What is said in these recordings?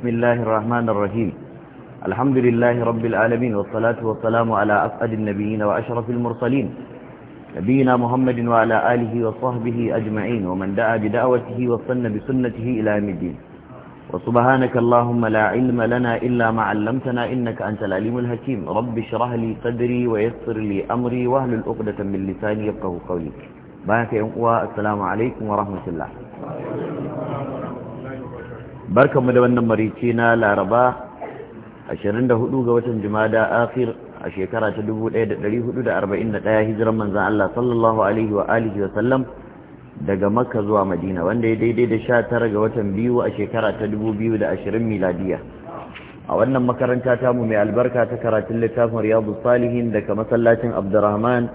بسم الله الرحمن الرحيم الحمد لله رب العالمين والصلاة والسلام على أفقد النبيين وأشرف المرسلين نبينا محمد وعلى آله وصحبه أجمعين ومن دعا بدعوته وصن بسنته إلى يوم الدين وسبحانك اللهم لا علم لنا إلا ما علمتنا إنك أنت العليم الحكيم رب اشرح لي صدري ويسر لي أمري واهل الأقدة من لساني يفقه قولي بارك يا السلام عليكم ورحمة الله barkanmu da wannan marici na laraba 24 ga watan jumada akhir a shekara ta 1441 hijiran manzan Allah sallallahu alaihi wa alihi wa sallam daga makka zuwa madina wanda ya daidai da 19 ga watan biyu a shekara ta 2020 miladiya a wannan makaranta tamu mai albarka ta karatun littafin riyadu salihin daga masallacin abdurrahman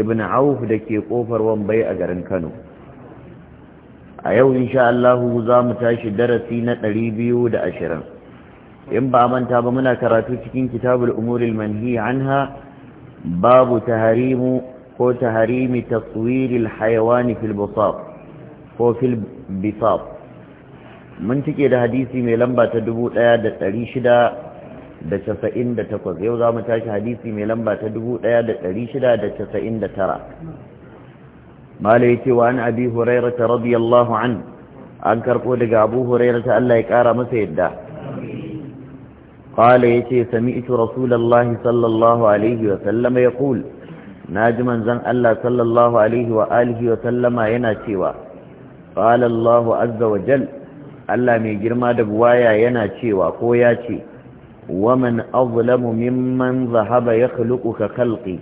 ibn auf da ke kofar wambai a garin kano a yau insha Allah za mu tashi darasi na ɗari biyu da ashirin in ba manta ba muna karatu cikin kitabul umuril manhi anha babu taharimu ko taharimi taswiril hayawani fil bisab ko fil bisab mun tike da hadisi mai lamba ta dubu ɗaya da ɗari shida da casa'in da takwas yau za mu tashi hadisi mai lamba ta dubu ɗaya da ɗari shida da casa'in da tara ya ce wa an abi hurairah radiyallahu an an karbo daga abu hurairah Allah ya kara masa yadda ya yace sami'tu rasulullahi sallallahu alaihi wa sallama ya sallam na naji manzon Allah sallallahu alaihi wa alihi wa sallama yana cewa qala Allahu azza wa jal Allah mai girma da buwaya yana cewa ko ya ce waman azlamu mimman zahaba yakhluqu ka khalqi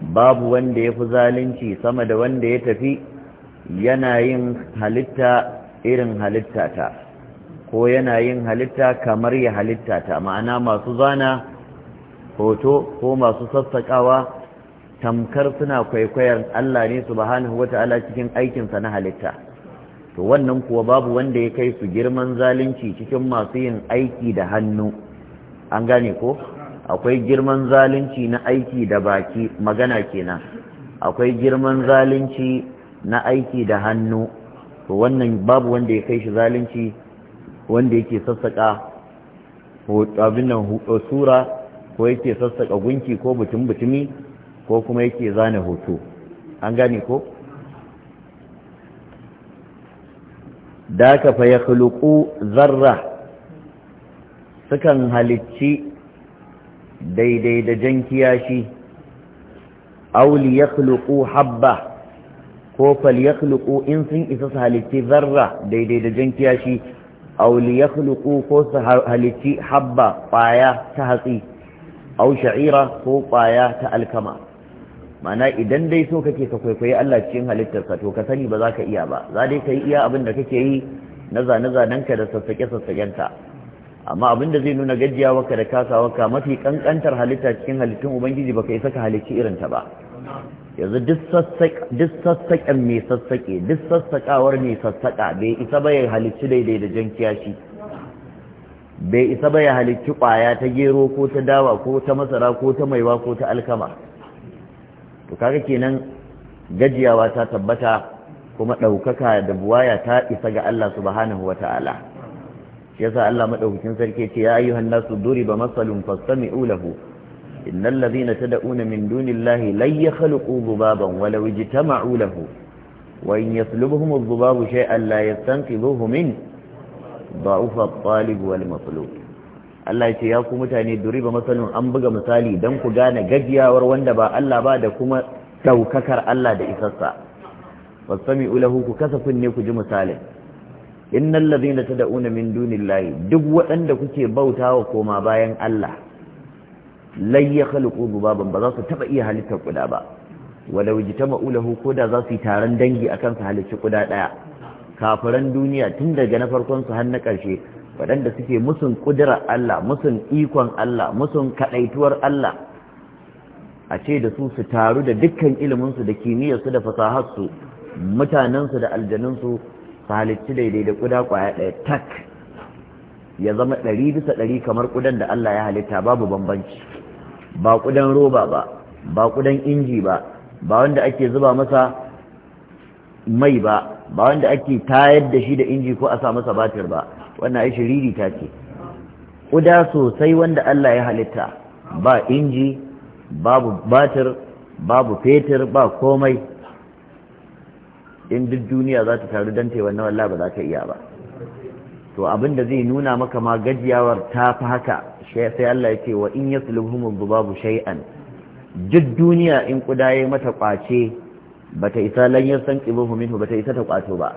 babu wanda ya fi zalunci sama da wanda ya tafi yana yin halitta irin halitta ta ko yana yin halitta kamar ya halitta ta ma'ana masu zana hoto ko masu sassakawa, tamkar suna kwaikwayar Allah ne su subhanahu wata'ala cikin aikinsa na halitta to wannan kuwa babu wanda ya kai su girman zalunci cikin masu yin aiki da hannu an gane ko akwai girman zalunci na aiki da baki magana kenan akwai girman zalunci na aiki da hannu to wannan babu wanda ya kai shi zalunci wanda yake sassaka abin nan sura ko yake sassaka gunki ko butum butumi ko kuma yake zane hoto an gane ko da ka fa ya zarra sukan halicci daidai da jan kiyashi auli ya habba ko fal ya in sun isa su halitti zarra daidai da jan kiyashi auli ya ko su halitti habba ƙwaya ta hatsi au sha'ira ko kwaya ta alkama mana idan dai so kake ka kwaikwayi Allah cikin halittarsa to ka sani ba za ka iya ba za dai ka yi iya abin da kake yi na zane-zanenka da sassaƙe-sassaƙenka amma abin da zai nuna gajiyawarka da waka mafi kankantar halitta cikin halittun ubangiji baka isa ka halicci irin ta ba yanzu duk sassaƙen mai sassaƙe duk sassaƙawar mai sassaƙa bai isa ba halicci daidai da jan kiyashi bai isa ba ya halicci ƙwaya ta gero ko ta dawa ko ta masara ko ta maiwa ko ta alkama to kaga kenan gajiyawa ta tabbata kuma ɗaukaka da buwaya ta isa ga Allah subhanahu wa ta'ala yasa Allah madaukakin sarki ce ya ayyuhan nasu duriba masalun fastami'u lahu innal ladhina tad'una min dunillahi lan yakhluqu dhubaban walau ijtama'u lahu wa in yaslubuhum adh-dhubabu shay'an la yastanqidhuhu min da'ufa at-talib wal matlub Allah ya ce ya ku mutane duri ba masalun an buga misali dan ku gane gajiyawar wanda ba Allah ba da kuma daukakar Allah da isassa fastami'u lahu ku kasafin ne ku ji misalin innal ladhina tad'una min dunillahi duk waɗanda kuke bautawa koma bayan Allah lan yakhluqu dhubaban ba za su taba iya halitta kuda ba walau jitama'u lahu koda za su yi taron dangi akan su halicci kuda daya kafiran duniya tun daga na farkon su har na karshe waɗanda suke musun kudura Allah musun ikon Allah musun kadaituwar Allah a ce da su su taru da dukkan iliminsu da kimiyyarsu da fasaharsu mutanensu da su. su daidai da kuda kwaya ɗaya tak ya zama ɗari bisa ɗari kamar kudan da Allah ya halitta babu bambanci ba kudan roba ba ba kudan inji ba ba wanda ake zuba masa mai ba ba wanda ake tayar da shi da inji ko a sa masa batir ba wannan ai shiriri ta ce kuda sosai wanda Allah ya halitta ba inji babu batir babu fetur ba komai in duk duniya za ta taru don taiwa wannan wallah ba za ta iya ba to abin da zai nuna maka ma gajiyawar ta fi haka sai Allah ya ce wa in yaslubhum babu shay'an duk duniya in kudaye mata kwace bata isa lan yasan qibuhu minhu bata isa ta kwato ba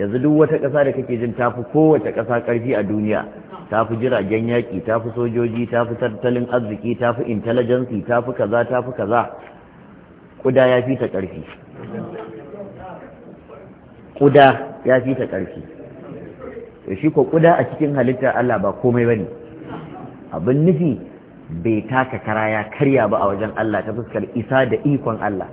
yanzu duk wata ƙasa da kake jin tafi kowace ƙasa ƙarfi a duniya tafi jiragen yaƙi tafi sojoji tafi tattalin arziki tafi intelligence tafi kaza tafi kaza kuda ya fi ta ƙarfi ƙuda ya fi ta ƙarfi to shi ko ƙuda a cikin halitta Allah ba komai bane abin nufi bai taka kara ya karya ba a wajen Allah ta fuskar isa da ikon Allah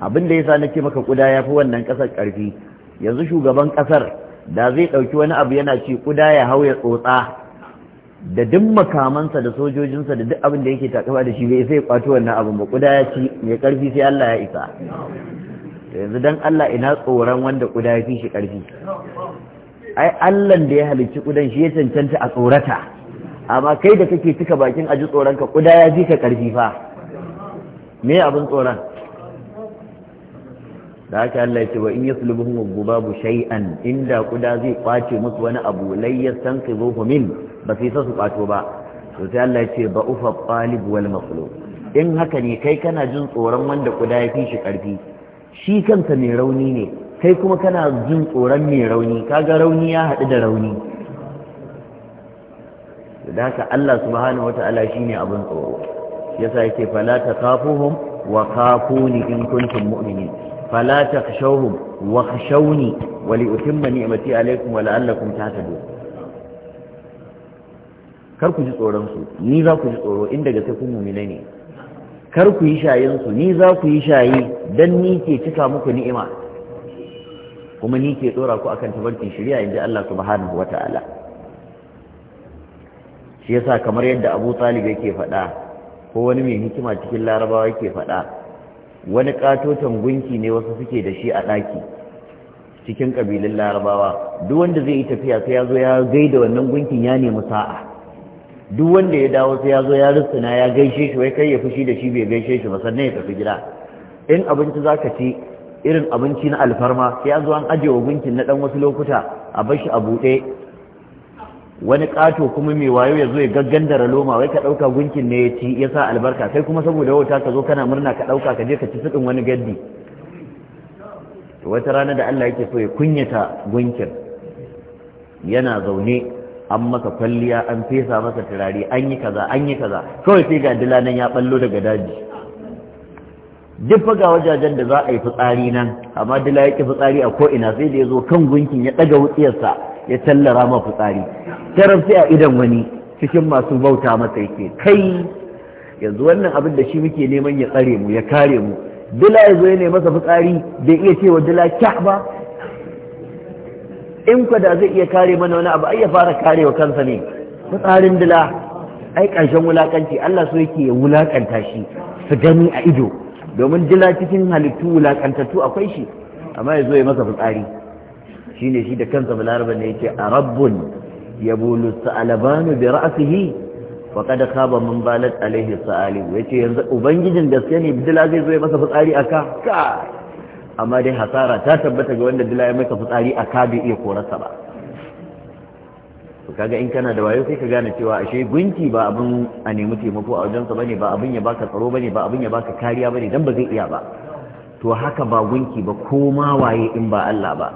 abin da yasa nake maka kuda ya fi wannan ƙasar ƙarfi yanzu shugaban ƙasar da zai ɗauki wani abu yana ci kuda ya hau ya tsotsa da duk makamansa da sojojinsa da duk abin da yake takaba da shi bai sai ya kwato wannan abin ba kuda ya ci mai ƙarfi sai Allah ya isa yanzu dan Allah ina tsoron wanda kuda ya fi shi karfi ai Allah da ya halicci kudan shi ya cancanta a tsorata amma kai da kake cika bakin aji tsoron ka kuda ya fi ka karfi fa me abin tsoron da haka Allah ya ce wa in yaslubuhum gubabu shay'an inda kuda zai kwace musu wani abu lai ku min ba sai su kwato ba to sai Allah ya ce ba ufa talib wal maqlub in haka ne kai kana jin tsoron wanda kuda ya fi shi karfi shi kansa mai rauni ne kai kuma kana jin tsoron mai rauni kaga rauni ya haɗu da rauni da haka Allah subhanahu shi ne abin tsoro yasa yake fala takafuhum wa kafuni in kuntum mu'minin fala takhshawhum wa khshawni wa li utimma ni'mati alaikum wa la'allakum tahtadun kar ku ji tsoron su ni za ku ji tsoro inda gaske kun mu'mina ne kar ku yi shayinsu ni za ku yi shayi don ni ke cika muku ni'ima kuma ni ke tsora ku akan tabarkin shirya inda Allah subhanahu wa ta'ala shi yasa kamar yadda abu talib yake faɗa ko wani mai hikima cikin larabawa yake faɗa wani katotan gunki ne wasu suke da shi a ɗaki cikin ƙabilun larabawa duk wanda zai yi tafiya sai ya zo ya gaida wannan gunkin ya nemi sa'a duk wanda ya dawo sai ya zo ya rusuna ya gaishe shi wai kai ya fushi da shi bai gaishe shi ba sannan ya tafi gida in abinci za ka ci irin abinci na alfarma sai an zo an aje wa gunkin na dan wasu lokuta a bar shi a buɗe wani ƙato kuma mai wayo ya zo ya gaggandara loma wai ka ɗauka gunkin ne ya ci ya sa albarka kai kuma saboda wauta ka zo kana murna ka ɗauka ka je ka ci suɗin wani gaddi wata rana da Allah yake so ya kunyata gunkin yana zaune an masa kwalliya an fesa masa turare an yi kaza an yi kaza kawai sai ga dila nan ya ballo daga daji duk ga wajajen da za a yi fitsari nan amma dila ya fitsari a ko ina sai da ya zo kan gunkin ya ɗaga wutsiyarsa ya tallara ma fitsari tarar sai a idan wani cikin masu bauta masa yake kai yanzu wannan abin da shi muke neman ya tsare mu ya kare mu dila ya zo ya nemi masa fitsari bai iya cewa dila kyak ba in ku da zai iya kare mana wani abu ai ya fara karewa kansa ne ta tsarin dila ai ƙarshen wulakanci Allah so yake ya wulakanta shi su gani a ido domin dila cikin halittu wulakantattu akwai shi amma ya zo ya masa fitsari ne shi da kansa balaraba ne yake a rabbun ya bulu sa'alabanu bi ra'sihi wa qad khaba man balat alaihi sa'ali ce yanzu ubangijin gaske ne dila zai zo ya masa fitsari a ka amma dai hasara ta tabbata ga wanda dila ya maka fitsari a ka bai iya korarsa ba ka kaga in kana da wayo sai ka gane cewa ashe gunki ba abin a nemi taimako a wajensa bane ba abin ya baka tsaro bane ba abin ya baka kariya bane dan ba zai iya ba to haka ba gunki ba ko ma waye in ba Allah ba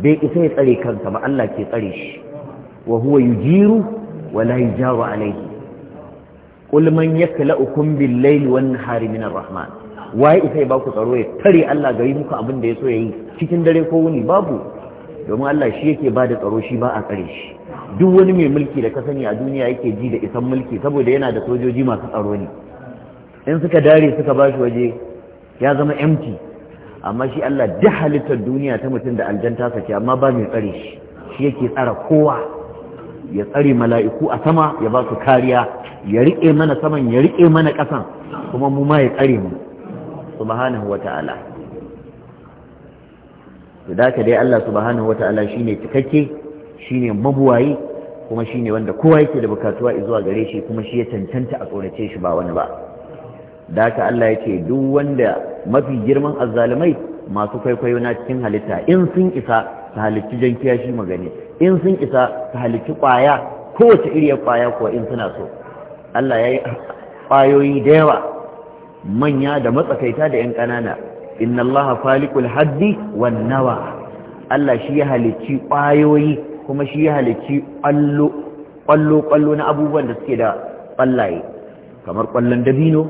bai isa ya tsare kansa ba Allah ke tsare shi wa huwa yujiru wa la yujaru alayhi qul man yakla'ukum bil-layli wan-nahari min ar-rahman waye isa ya baku tsaro ya tare Allah gari muku abin da ya so ya yi cikin dare ko wuni babu domin Allah shi yake ba da tsaro shi ba a tsare shi duk wani mai mulki da ka sani a duniya yake ji da isan mulki saboda yana da sojoji masu tsaro ne in suka dare suka bashi waje ya zama empty amma shi Allah duk halittar duniya ta mutum da aljanta ce amma ba mai tsare shi shi yake tsara kowa ya tsare mala'iku a sama ya ba su kariya ya riƙe mana saman ya riƙe mana ƙasan kuma mu ma ya tsare mu subhanahu wa ta'ala to da dai Allah subhanahu wa ta'ala shine cikakke shine mabuwayi kuma shine wanda kowa yake da bukatuwa zuwa gare shi kuma shi ya cancanta a tsorace shi ba wani ba da Allah ya ce duk wanda mafi girman azzalumai masu kwaikwayo na cikin halitta in sun isa su halicci jan kiyashi magani in sun isa su halicci kwaya kowace iriyar kwaya kuwa in suna so Allah ya yi kwayoyi da yawa manya da matsakaita da 'yan ƙanana inna Allah falikul haddi wan nawa Allah shi ya halicci ƙwayoyi kuma shi ya halicci ƙwallo-ƙwallo na abubuwan da suke da ƙwallaye kamar ƙwallon dabino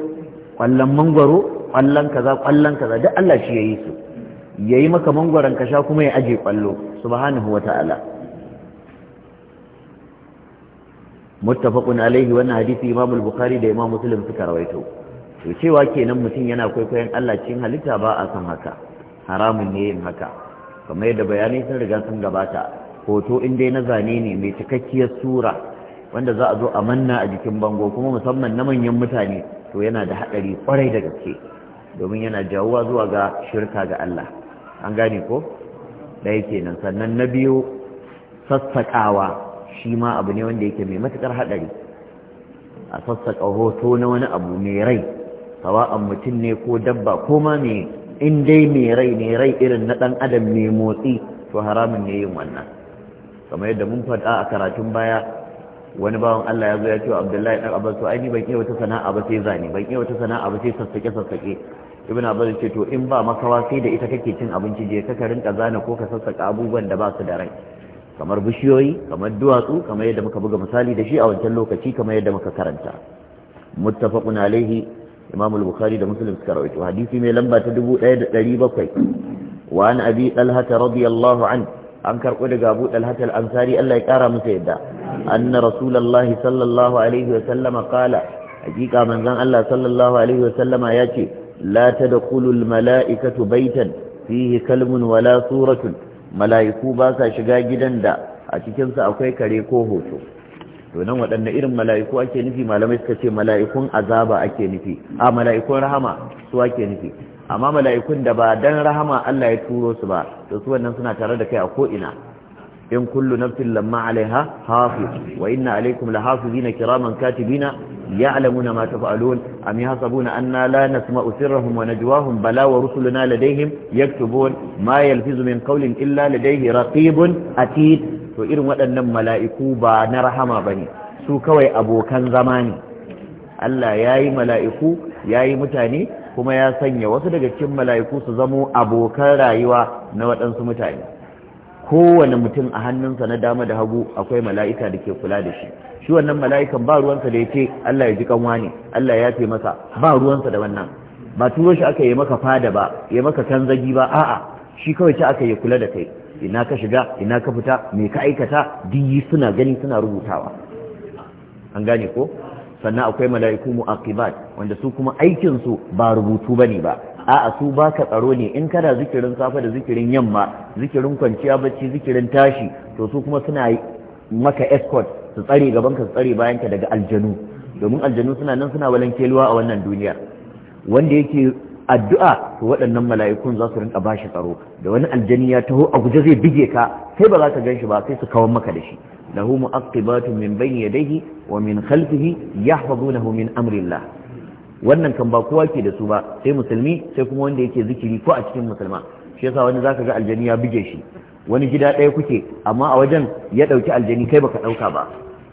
ƙwallon mangwaro ƙwallon kaza ƙwallon kaza duk Allah shi ya yi su ya yi maka mangwaron ka sha kuma ya aje ƙwallo subhanahu wa ta'ala muttafaqun alaihi wannan hadisi imamul bukhari da imam muslim suka rawaito to cewa kenan mutum yana kwaikwayon Allah cikin halitta ba a san haka haramun ne yin haka kamar yadda bayanai sun riga sun gabata hoto in dai na zane ne mai cikakkiyar sura wanda za a zo a manna a jikin bango kuma musamman na manyan mutane to yana da haɗari kwarai da gaske domin yana jawuwa zuwa ga shirka ga Allah an gane ko ɗaya kenan sannan na biyu sassaƙawa shi ma abu ne wanda yake mai matuƙar haɗari a sassaƙa hoto na wani abu mai rai sawa'an mutum ne ko dabba ko ma me in dai mai rai ne rai irin na ɗan adam mai motsi to haramun ne yin wannan kamar yadda mun faɗa a karatun baya wani bawan Allah ya zo ya ce wa Abdullahi ɗan Abbas to aini ban iya wata sana'a ba sai zane ban iya wata sana'a ba sai sassake sassake Ibn Abbas ce to in ba makawa sai da ita kake cin abinci je ka rinka zana ko ka sassaka abubuwan da ba su da rai kamar bishiyoyi kamar duwatsu kamar yadda muka buga misali da shi a wancan lokaci kamar yadda muka karanta muttafaqun alaihi imamul al-bukhari da muslim suka rawaito hadisi mai lamba ta 1700 wa an abi talha radiyallahu an an karbo daga abu talha al-ansari Allah ya kara masa yadda anna rasulullahi sallallahu alaihi wa sallama qala hakika manzon Allah sallallahu alaihi wa sallama yace la tadkhulul mala'ikatu baytan fihi kalmun wala suratun mala'iku ba sa shiga gidan da a cikinsa akwai kare ko hoto donan waɗanne irin mala'iku ake nufi malamai suka ce mala'ikun azaba ake nufi a mala'ikun rahama su ake nufi amma mala'ikun da ba dan rahama Allah ya turo su ba to su wannan suna tare da kai a ko ina in kullu nafsin lamma alaiha hafiz wa inna alaikum lahafizina kiraman katibina ya'lamuna ma taf'alun am yahsabuna anna la nasma'u sirrahum wa najwahum bala wa rusuluna ladayhim yaktubun ma yalfizu min qawlin illa ladayhi raqibun atid to irin waɗannan mala'iku ba na rahama ba ne su kawai abokan zama ne Allah ya yi mala'iku ya yi mutane kuma ya sanya wasu daga cikin mala'iku su zamo abokan rayuwa na waɗansu mutane kowane mutum a hannunsa na dama da hagu akwai mala'ika da ke kula da shi shi wannan mala'ikan ba ruwansa da ya ce Allah ya ji kanwa ne Allah ya ce masa ba ruwansa da wannan ba turo shi aka yi maka fada ba ya maka kanzagi ba a'a shi kawai ci aka yi kula da kai ina ka shiga ina ka fita me ka aikata diyi suna gani suna rubutawa an gane ko sannan akwai mala'iku mu'aqibat wanda su kuma aikin su ba rubutu bane ba a'a su baka tsaro ne in kana zikirin safa da zikirin yamma zikirin kwanciya bacci zikirin tashi to su kuma suna maka escort su tsare gaban ka su tsare bayan ka daga aljanu domin aljanu suna nan suna walankeluwa a wannan duniya. wanda yake addu'a waɗannan mala'ikun za su rinka ba shi tsaro da wani aljani ya taho a guje zai bige ka sai ba za ka gan shi ba sai su kawo maka da shi lahu mu'aqibatun min bayni yadayhi wa min khalfihi yahfazunahu min amrillah wannan kan ba kowa ke da su ba sai musulmi sai kuma wanda yake zikiri ko a cikin musulma shi yasa wani zaka ga aljani ya bige shi wani gida ɗaya kuke amma a wajen ya ɗauki aljani kai baka ɗauka ba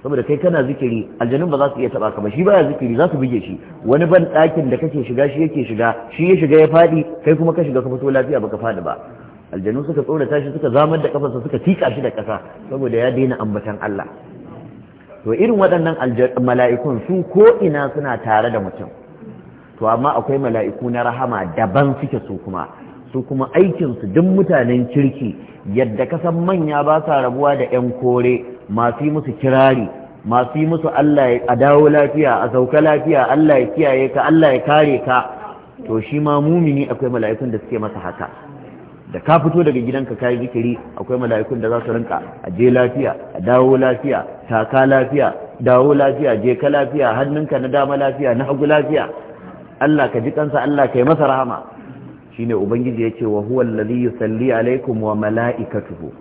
saboda kai kana zikiri aljanun ba za su iya taba ka ba shi baya zikiri za su buge shi wani ban ɗakin da kake shiga shi yake shiga shi ya shiga ya faɗi kai kuma ka shiga ka fito lafiya baka faɗi ba aljanu suka tsorata shi suka zamar da kafarsa suka tika shi da ƙasa saboda ya daina ambatan Allah to irin waɗannan mala'ikun su ko ina suna tare da mutum to amma akwai mala'iku na rahama daban suke su kuma su kuma aikinsu duk mutanen kirki yadda ka san manya ba sa rabuwa da 'yan kore masu yi musu kirari masu yi musu Allah a dawo lafiya a sauka lafiya Allah ya kiyaye ka Allah ya kare ka to shi ma mumini akwai mala'ikun da suke masa haka da ka fito daga gidanka kayi zikiri akwai mala'ikun da za su rinka a je lafiya a dawo lafiya taka lafiya dawo lafiya je ka lafiya hannunka na dama lafiya na hagu lafiya Allah ka ji kansa Allah ka yi masa rahama shine ubangiji yake wa huwa alladhi yusalli alaikum wa mala'ikatuhu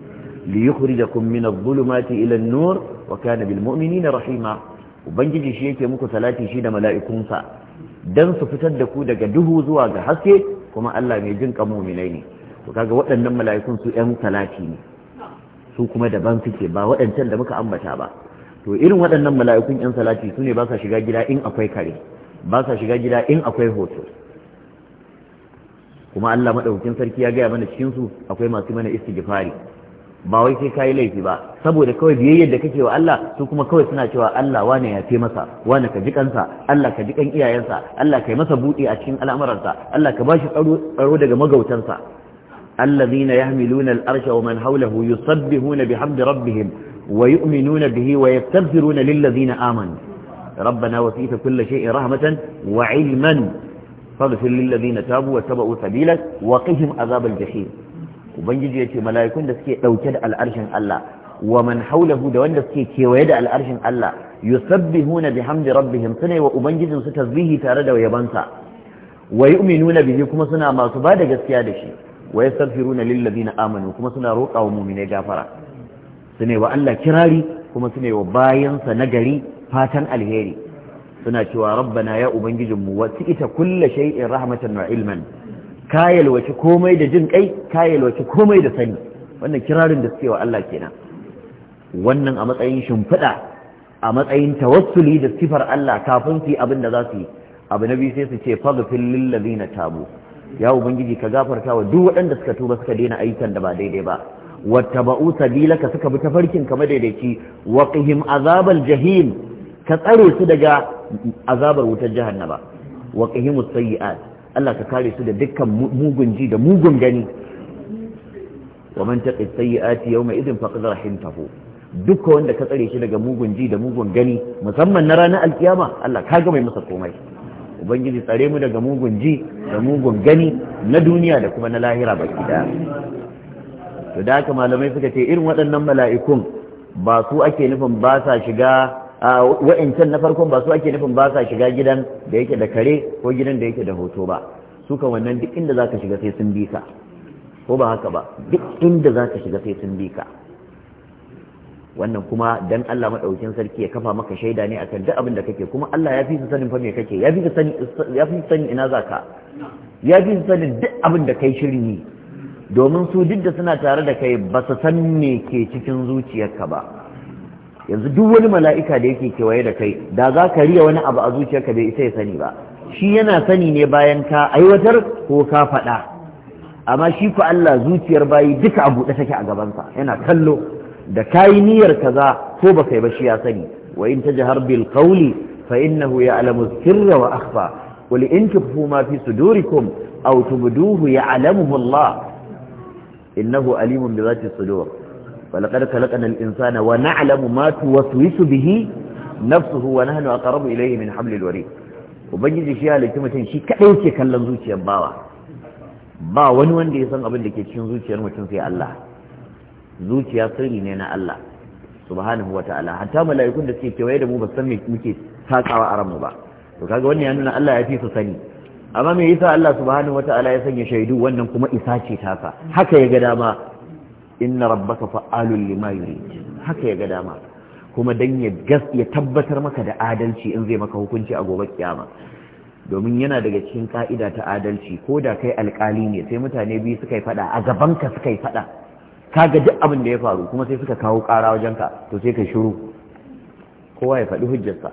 liyukhrijakum min adh-dhulumati ila an-nur wa kana bil mu'minina rahima ubangiji shi yake muku salati shi da mala'ikunsa dan su fitar da ku daga duhu zuwa ga haske kuma Allah mai jin kan mu'minai ne to kaga waɗannan mala'ikun su salati ne su kuma daban suke ba waɗancan da muka ambata ba to irin waɗannan mala'ikun ƴan salati su ne ba sa shiga gida in akwai kare ba sa shiga gida in akwai hoto kuma Allah madaukakin sarki ya gaya mana cikin su akwai masu mana istighfari ba wai sai kai laifi ba saboda kawai biyayyar da kake wa Allah su kuma kawai suna cewa Allah wane ya fi masa wane ka ji Allah ka ji iyayensa Allah ka yi masa buɗe a cikin al'amuransa Allah ka bashi tsaro tsaro daga sa allazina yahmiluna al-arsha wa man hawlahu yusabbihuna bihamdi rabbihim wa yu'minuna bihi wa yastaghfiruna lil ladzina amanu ربنا وسيت كل شيء رحمة وعلما faghfir lil ladina tabu wa tabu sabilak wa qihim azabal jahim ubangiji yace mala'ikun da suke dauke da al'arshin Allah wa man haulahu da wanda suke kewaye da al'arshin Allah yusabbihuna bihamdi rabbihim sune wa ubangijin su tasbihi tare da yabansa wa yu'minuna bihi kuma suna masu bada gaskiya da shi wa yastaghfiruna lil ladina amanu kuma suna roƙa wa mu'mine gafara sune wa Allah kirari kuma sune wa bayansa nagari fatan alheri suna cewa rabbana ya ubangijinmu wasu ita kulla shay'in rahmatan wa ilman ka yalwaci komai da jin kai ka yalwaci komai da sani wannan kirarin da suke wa Allah kenan wannan a matsayin shimfiɗa a matsayin tawassuli da sifar Allah kafin su yi abin da za su yi abu na biyu sai su ce faghfir lil na tabu ya ubangiji ka gafarta wa duk waɗanda suka tuba suka daina ayyukan da ba daidai ba wattaba'u sabilaka suka bi tafarkin ka madaidaici wa qihim azabal jahim ka tsare su daga azabar wutar jahannama wa qihimus sayyi'at Allah ka kare su da dukkan mugun ji da mugun gani wa man taqi sayyi'ati yawma idin faqad rahimtahu duka wanda ka tsare shi daga mugun ji da mugun gani musamman na ranar alkiyama Allah ka ga mai masa komai ubangiji tsare mu daga mugun ji da mugun gani na duniya da kuma na lahira baki daya to da haka malamai suka ce irin waɗannan mala'ikun ba su ake nufin ba sa shiga wa'incan na farkon ba su ake nufin ba sa shiga gidan da yake da kare ko gidan da yake da hoto ba su kan wannan duk inda za ka shiga sai sun bi ka ko ba haka ba duk inda za ka shiga sai sun bi ka wannan kuma dan Allah madaukin sarki ya kafa maka shaida ne akan duk abin da kake kuma Allah ya fi su sanin fa me kake ya fi su sanin ya fi su sanin ina zaka ya fi su sanin duk abin da kai shirin ne domin su duk da suna tare da kai ba su san me ke cikin zuciyarka ba yanzu duk wani mala'ika da yake kewaye da kai da za ka riya wani abu a zuciyarka bai isa ya sani ba shi yana sani ne bayan ka aiwatar ko ka faɗa amma shi ku Allah zuciyar bayi duka a buɗe take a gabansa yana kallo da kayi niyyar kaza ko baka yi ba shi ya sani wa in tajhar bil qawli fa innahu ya'lamu sirra wa akhfa qul in tukhfu ma fi sudurikum aw tubduhu ya'lamuhu Allah innahu alimun bi dhati sudur ولقد خلقنا الإنسان ونعلم ما توسوس به نفسه ونحن أقرب إليه من ubangiji shi halittu mutum kaɗai ke kallon zuciyar ba wani wanda ya san abin da ke cikin zuciyar mutum sai Allah zuciya sirri ne na Allah subhanahu wa ta'ala hatta mala'ikun da suke kewaye da mu ba san muke takawa a ranmu ba to kaga wannan ya nuna Allah ya fi su sani amma me yasa Allah subhanahu wa ta'ala ya sanya shaidu wannan kuma isa ce tasa haka ya ga dama inna rabbaka fa'alun lima yurid haka ya ga dama kuma dan ya gas ya tabbatar maka da adalci in zai maka hukunci a gobe kiyama domin yana daga cikin ka'ida ta adalci ko da kai alkali ne sai mutane biyu suka yi fada a gaban ka suka yi fada kaga duk abin da ya faru kuma sai suka kawo kara wajen ka to sai ka shiru kowa ya faɗi hujjarsa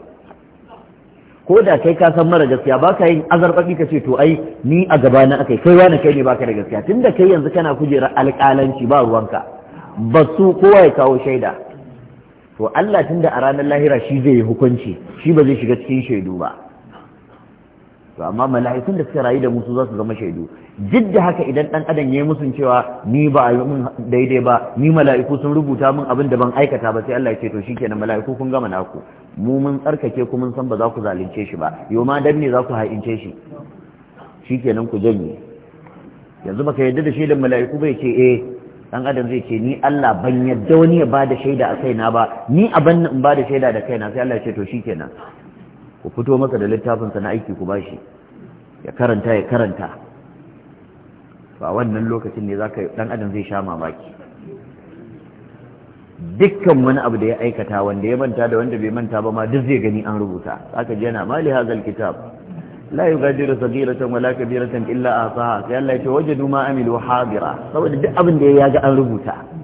ko da kai ka san mara gaskiya ba ka yin azarbabi ka ce to ai ni a gaba na akai kai wani kai ne baka da gaskiya tunda kai yanzu kana kujerar alƙalanci ba ruwanka ba su kowa ya kawo shaida to Allah tunda a ranar lahira shi zai yi hukunci shi ba zai shiga cikin shaidu ba to amma mala'ikun da suka rayu da musu za su zama shaidu duk da haka idan dan adam ya yi musun cewa ni ba a yi min daidai ba ni mala'iku sun rubuta min abin da ban aikata ba sai Allah ya ce to shikenan mala'iku kun gama naku mu mun tsarkake ku mun san ba za ku zalunce shi ba yau ma dan ne za ku ha'ince shi shikenan ku janye yanzu baka yadda da shaidan mala'iku bai ce eh dan adam zai ce ni Allah ban yadda wani ya bada shaida a kaina ba ni a ban in bada shaida da kaina sai Allah ya ce to shikenan ku fito masa da littafinsa na aiki ku bashi ya karanta ya karanta ba wannan lokacin ne za ka dan adam zai sha mamaki dukkan wani abu da ya aikata wanda ya manta da wanda bai manta ba ma duk zai gani an rubuta aka ji yana mali hazal kitab la yugadiru saghiratan wala kabiratan illa asaha sai Allah ya ce wajadu ma amilu hadira saboda duk abin da ya ga an rubuta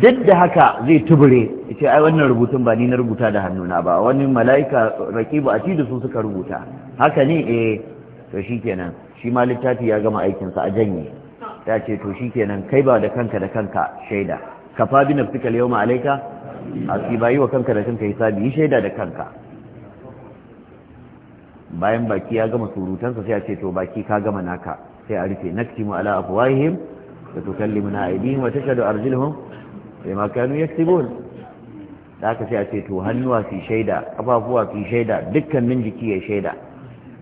duk da haka zai tubure ce ai wannan rubutun ba ni na rubuta da hannuna ba wani mala'ika rakibu a ci da su suka rubuta haka ne eh to shikenan shi ma littafi ya gama aikinsa a janye ta ce to shikenan kai ba da kanka da kanka shaida ka fa bi nafsika al-yawma alayka asiba yi wa kanka da kanka hisabi yi shaida da kanka bayan baki ya gama surutansa sai a ce to baki ka gama naka sai a rufe naktimu ala afwahihim wa tukallimuna aydihim wa tashhadu arjuluhum sai ma kanu ya sibon da aka sai a ce to hannuwa fi shaida kafafuwa fi shaida dukkanin jiki ya shaida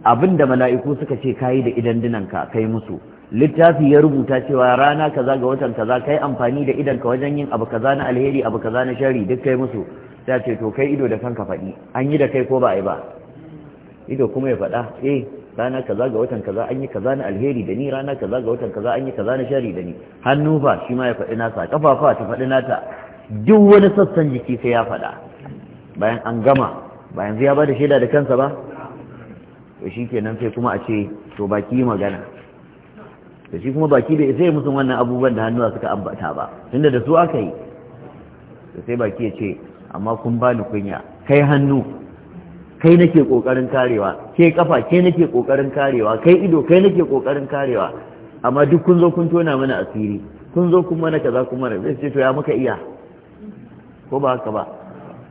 abinda mala'iku suka ce kayi da idan ka kai musu littafi ya rubuta cewa rana kaza ga watan kaza kai amfani da ka wajen yin abu kaza na alheri abu kaza na shari duk kai musu sai a ce to kai ido da kanka faɗi an yi da kai ko ba a yi ba ido kuma ya faɗa eh rana kaza ga watan kaza an yi kaza na alheri da ni rana kaza ga watan kaza an yi kaza na shari da ni hannu fa shi ma ya faɗi nasa kafafa ta faɗi nata duk wani sassan jiki sai ya faɗa bayan an gama ba yanzu ya bada shaida da kansa ba to shi kenan sai kuma a ce to baki magana da shi kuma baki bai sai musu wannan abubuwan da hannuwa suka ambata ba tunda da su aka yi sai baki ya ce amma kun bani kunya kai hannu kai nake kokarin karewa ke kafa ke nake kokarin karewa kai ido kai nake kokarin karewa amma duk kun zo kun tona mana asiri kun zo kun mana kaza kuma mana zai ce to ya muka iya ko ba haka ba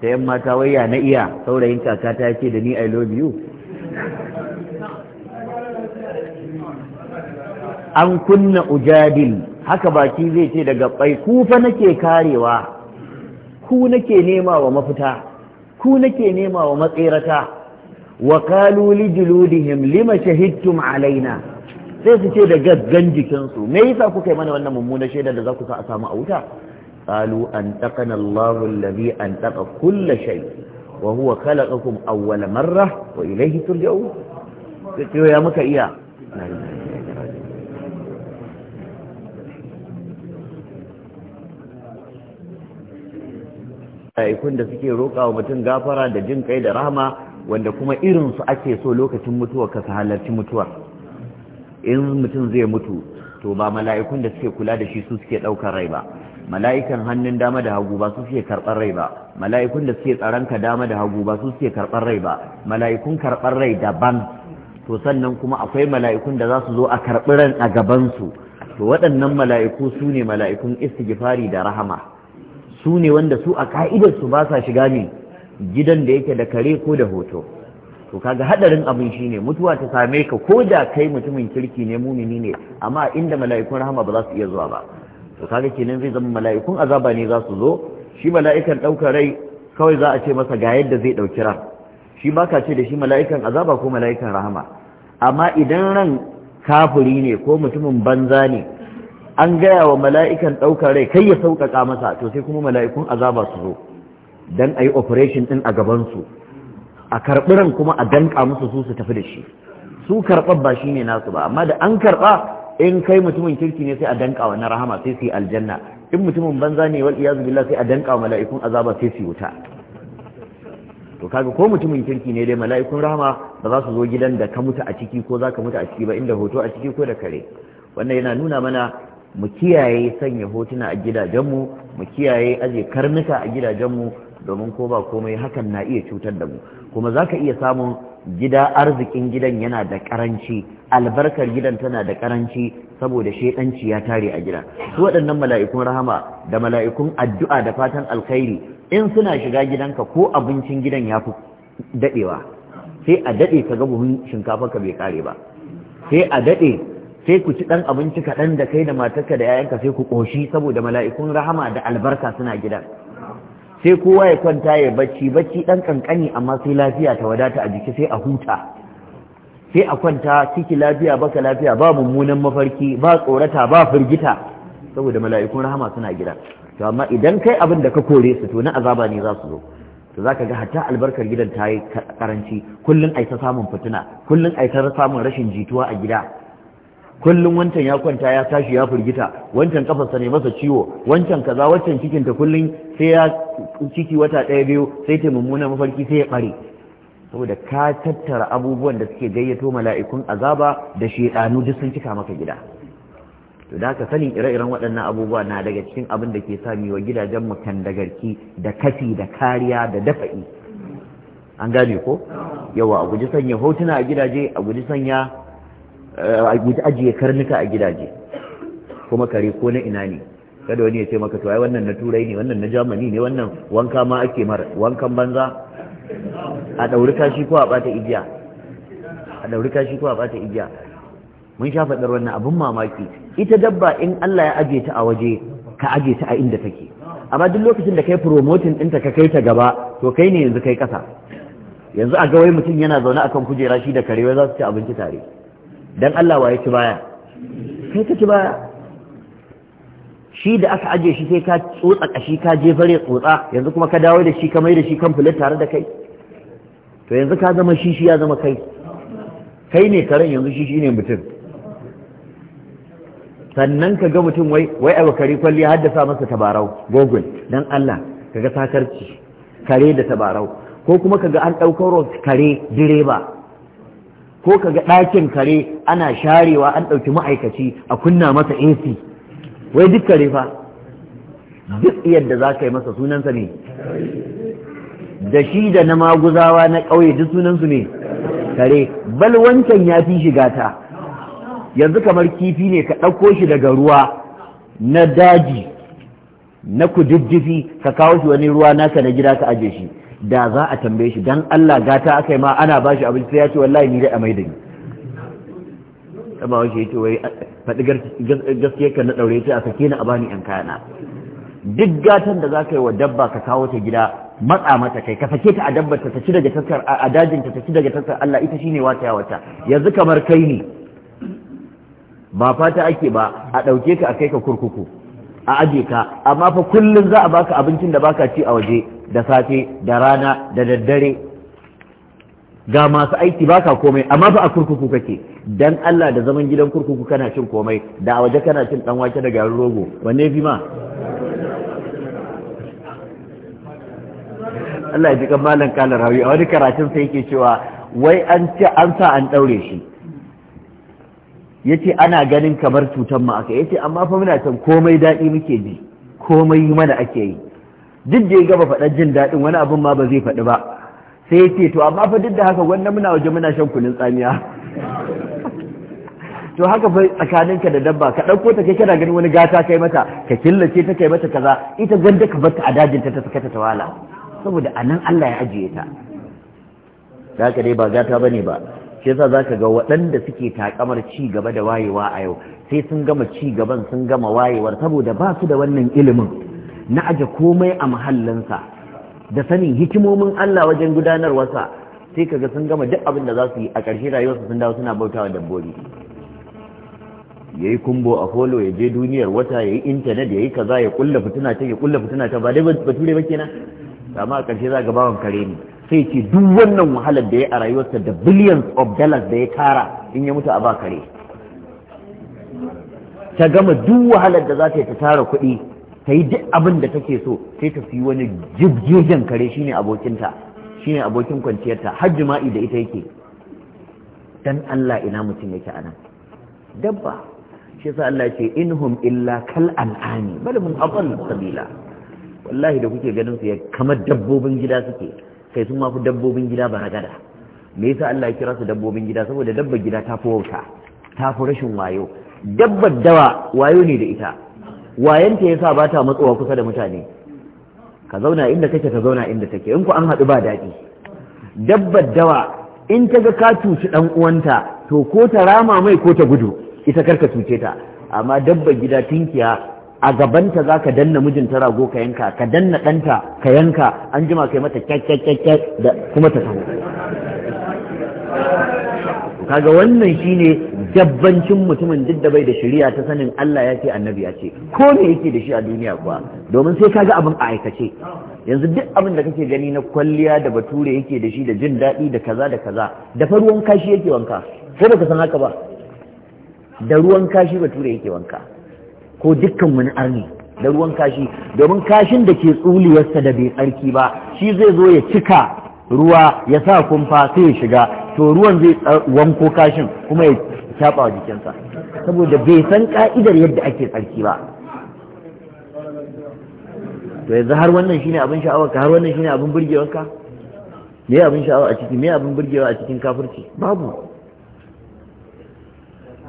ta yan mata waya na iya saurayin kaka ta ce da ni i love you an kunna ujadil haka baki zai ce daga bai ku fa nake karewa ku nake nema wa mafita ku nake nema wa matsirata wa kalu li juludihim lima shahidtum alaina sai su ce da gaggan jikinsu me yasa kuka yi mana wannan mummunar shaidar da za ku sa a samu a wuta qalu an taqana Allahu alladhi an taqa kull shay wa huwa khalaqakum awwala marra wa ilayhi turja'un sai ya muka iya ɗaikun da suke roƙa wa mutum gafara da jin kai da rahama wanda kuma irinsu ake so lokacin mutuwa ka halarci mutuwa in mutum zai mutu to ba mala'ikun da suke kula da shi su suke ɗaukar rai ba mala'ikan hannun dama da hagu ba su suke karɓar rai ba mala'ikun da suke tsaron dama da hagu ba su suke karɓar rai ba mala'ikun karɓar rai daban to sannan kuma akwai mala'ikun da za su zo a karɓi ran a gabansu to waɗannan mala'iku su ne mala'ikun istighfari da rahama su ne wanda su a ka'idar su ba sa shiga ne gidan da yake da kare ko da hoto to kaga hadarin abin shine mutuwa ta same ka ko da kai mutumin kirki ne mumini ne amma inda mala'ikun rahama ba za su iya zuwa ba to kaga kenan zai zama mala'ikun azaba ne za su zo shi mala'ikan daukar rai kawai za a ce masa ga yadda zai dauki ran shi ba ka ce da shi mala'ikan azaba ko mala'ikan rahama amma idan ran kafuri ne ko mutumin banza ne an gaya wa mala'ikan ɗaukar rai kai ya sauƙaƙa masa to sai kuma mala'ikun azaba su zo don a yi operation ɗin a gabansu a karɓiran kuma a danƙa musu su su tafi da shi su karɓar ba shi ne nasu ba amma da an karɓa in kai mutumin kirki ne sai a danƙa wa na rahama sai su yi aljanna in mutumin banza ne wal iyazu billah sai a danƙa wa mala'ikun azaba sai su yi wuta to kaga ko mutumin kirki ne dai mala'ikun rahama ba za su zo gidan da ka mutu a ciki ko za ka mutu a ciki ba inda hoto a ciki ko da kare wannan yana nuna mana mu kiyaye sanya hotuna a gidajenmu mu kiyaye aje karnuka a gidajenmu domin ko ba komai hakan na iya cutar da mu kuma za ka iya samun gida arzikin gidan yana da karanci albarkar gidan tana da karanci saboda shedanci ya tare a gida su waɗannan mala'ikun rahama da mala'ikun addu'a da fatan alkhairi in suna shiga gidanka ko abincin gidan ya fi daɗewa sai a daɗe ka ga buhun shinkafa ka bai kare ba sai a daɗe sai ku ci ɗan abinci kaɗan da kai da matarka da 'ya'yanka sai ku ƙoshi saboda mala'ikun rahama da albarka suna gida sai kowa ya kwanta ya bacci bacci ɗan ƙanƙani amma sai lafiya ta wadata a jiki sai a huta sai a kwanta ciki lafiya baka lafiya ba mummunan mafarki ba tsorata ba firgita saboda mala'ikun rahama suna gida to amma idan kai abin da ka kore su to na azaba ne za su zo to zaka ga hatta albarkar gidan ta yi karanci kullun ai ta samun fitina kullun ai ta samun rashin jituwa a gida kullum wancan ya kwanta ya tashi ya firgita wancan kafarsa ne masa ciwo wancan kaza wancan cikinta kullum sai ya ciki wata ɗaya biyu sai ta mummuna mafarki sai ya ɓare saboda ka tattara abubuwan da suke gayyato mala'ikun azaba da shaidanu duk sun cika maka gida to da ka sanin ire-iren waɗannan abubuwa na daga cikin abin da ke sami wa gidajen mu kan da da kafi da kariya da dafa'i an gane ko yawa a guji sanya hotuna a gidaje a guji sanya Eh, ajiye karnuka a gidaje kuma kare ko na ina ne kada wani ya ce maka to ai wannan na turai ne wannan na jamani ne wannan wanka ma ake mara wankan banza a dauri kashi ko a bata igiya a dauri kashi ko a bata igiya mun sha faɗar wannan abin mamaki ita dabba in Allah ya aje ta a waje ka aje ta a inda take amma duk lokacin da kai promoting ɗinta ka kai ta gaba to kai ne yanzu kai ƙasa yanzu a ga wai mutum yana zaune akan kujera shi da karewa za su ci abinci tare dan Allah waye ci baya kai ka ci baya shi da aka aje shi sai ka tsotsa kashi ka jefar ya tsotsa yanzu kuma ka dawo da shi ka mai da shi kan fulit tare da kai to yanzu ka zama shi shi ya zama kai kai ne karen yanzu shi shi ne mutum sannan ka ga mutum wai wai abokari kwalli ya haddasa masa tabarau gogul dan Allah kaga sakarci kare da tabarau ko kuma kaga an ɗaukar kare direba ko ka ga ɗakin kare ana sharewa an ɗauki ma'aikaci a kunna masa AC wai duk kare fa duk yadda za ka yi masa sunansa ne da shi da na maguzawa na ƙauye duk sunansu ne kare bal wancan ya fi shiga ta yanzu kamar kifi ne ka ɗauko shi daga ruwa na daji na kududdufi ka kawo shi wani ruwa naka na gida ka aje shi da za a tambaye shi dan Allah gata aka yi ma ana ba shi abinci sai ya ce wallahi ni dai a mai da ni ba shi ya ce wai faɗi gaskiyar ka na ɗaure ce a sake ni a bani yan kayana duk gatan da za ka yi wa dabba ka kawo ta gida matsa mata kai ka sake ta a dabbar ta ci daga taskar a dajin ta ci daga taskar Allah ita shine wata ya wata yanzu kamar kai ne ba fata ake ba a ɗauke ka a kai ka kurkuku a aje ka amma fa kullum za a baka abincin da baka ci a waje da safe da rana da daddare ga masu aiki baka komai amma ba a kurkuku kake dan Allah da zaman gidan kurkuku kana cin komai da a waje kana cin dan wake da garin rogo wanne fi ma Allah ya ji kan malam kalar rawi a wani karatun sai yake cewa wai an ce an sa an daure shi yace ana ganin kamar cutar ma aka yace amma fa muna can komai daɗi muke ji komai mana ake yi duk da ya gaba faɗar jin daɗin wani abin ma ba zai faɗi ba sai ya ce to amma fa duk da haka wannan muna waje muna shan kunun tsamiya to haka fa tsakaninka da dabba ka ɗauko ta kai kana ganin wani gata kai mata ka killace ta kai mata kaza ita ganda ka bata a dajin ta ta saka ta tawala saboda anan Allah ya ajiye ta da haka dai ba gata bane ba shi yasa ka ga waɗanda suke takamar ci gaba da wayewa a yau sai sun gama ci gaban sun gama wayewar saboda ba su da wannan ilimin na aje komai a mahallinsa da sanin hikimomin Allah wajen gudanarwarsa sai kaga sun gama duk abin da za su yi a ƙarshe rayuwarsa sun dawo suna bautawa dabbobi ya yi kumbo a folo ya je duniyar wata ya yi intanet ya yi kaza ya kulla fituna ta ya kulla fituna ta ba dai ture ba kenan amma a ƙarshe za ga bawan kare ne sai ce duk wannan wahalar da ya a rayuwarsa da billions of dollars da ya tara in ya mutu a ba kare ta gama duk wahalar da za ta yi ta tara kuɗi ta yi duk abin da take so sai ta fi wani jirgin kare ne abokinta ne abokin kwanciyarta har jima'i da ita yake dan Allah ina mutum yake anan dabba shi sa Allah ce inhum illa kal al'ani bal mun adall sabila wallahi da kuke ganin su ya kamar dabbobin gida suke kai sun ma fi dabbobin gida ba gada me yasa Allah ya kira su dabbobin gida saboda dabbar gida ta fi wauta ta fi rashin wayo dabbar dawa wayo ne da ita wayanta sa ba ta matsowa kusa da mutane ka zauna inda kake ka zauna inda take in ku an haɗu ba daɗi dabbar dawa in ta ga ka cuci ɗan uwanta to ko ta rama mai ko ta gudu ita ka cuce ta amma dabbar gida tinkiya a gabanta za ka danna mijinta rago ka yanka ka danna ɗanta ka yanka an jima kai mata kyakkyakkyakkyar da kuma ta taho kaga wannan shine dabbancin mutumin duk da bai da shari'a ta sanin Allah ya ce annabi ya ce ko me yake da shi a duniya kuwa domin sai kaga abin a aikace yanzu duk abin da kake gani na kwalliya da bature yake da shi da jin daɗi da kaza da kaza da fa ruwan kashi yake wanka ko baka san haka ba da ruwan kashi bature yake wanka ko dukkan wani arni da ruwan kashi domin kashin da ke tsuliyarsa da bai tsarki ba shi zai zo ya cika ruwa ya sa kumfa sai ya shiga to ruwan zai wanko kashin kuma ya shafa wa jikinsa saboda bai san ka'idar yadda ake tsarki ba to yanzu har wannan shine abin sha'awarka ka har wannan shine abin burgewar ka me abin sha'awa a ciki me abin burgewa a cikin kafirci babu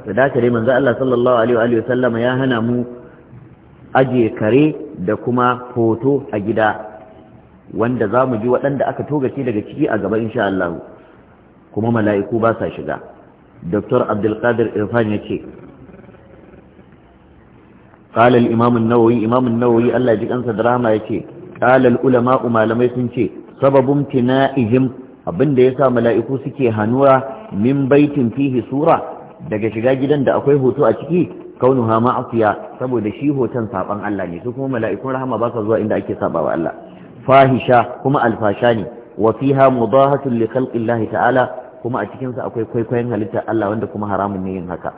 to da kare manzo Allah sallallahu alaihi wa sallama ya hana mu aje kare da kuma hoto a gida wanda za mu ji waɗanda aka togace daga ciki a gaba insha Allah kuma mala'iku ba sa shiga Dr. Abdulkadir Irfan ya ce, Kalal imamun nawawi, imamun nawayi Allah ji kansa da ya ce, Kalal ulama malamai sun ce, sababin tina'ihim abinda ya sa mala'iku suke hannuwa min baitin fihi sura daga shiga gidan da akwai hoto a ciki kaunu ha ma'afiya saboda shi hoton saban Allah ne su kuma mala'ikun rahama ba zuwa inda ake saba wa Allah fahisha kuma alfasha ne wa fiha mudahatun li khalqillahi ta'ala kuma a cikinsa akwai kwaikwayon halittar Allah wanda kuma haramun ne yin haka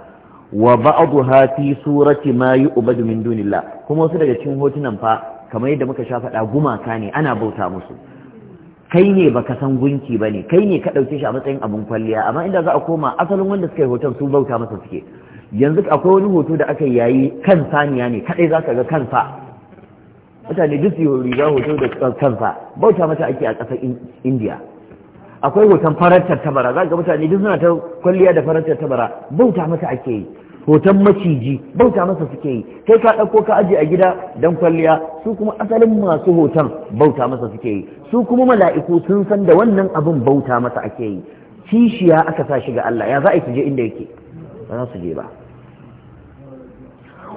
wa ba'adu fi surati ma yu'badu min dunillah kuma wasu daga cikin hotunan fa kamar yadda muka sha faɗa gumaka ne ana bauta musu kai ne baka san gunki bane kai ne ka dauke shi a matsayin abun kwalliya amma inda za a koma asalin wanda suka yi hoton su bauta masa suke yanzu akwai wani hoto da aka yayi kan saniya ne kadai zaka ga kansa mutane duk su riga hoto da kansa bauta mata ake a kasar indiya akwai hoton farar tattabara za ga mutane duk suna ta kwalliya da farar tattabara bauta masa ake yi hoton maciji bauta masa suke yi kai ka ɗauko ka aji a gida don kwalliya su kuma asalin masu hoton bauta masa suke yi su kuma mala'iku sun san da wannan abin bauta masa ake yi kishiya aka sa shi ga Allah ya za a su je inda yake ba za su je ba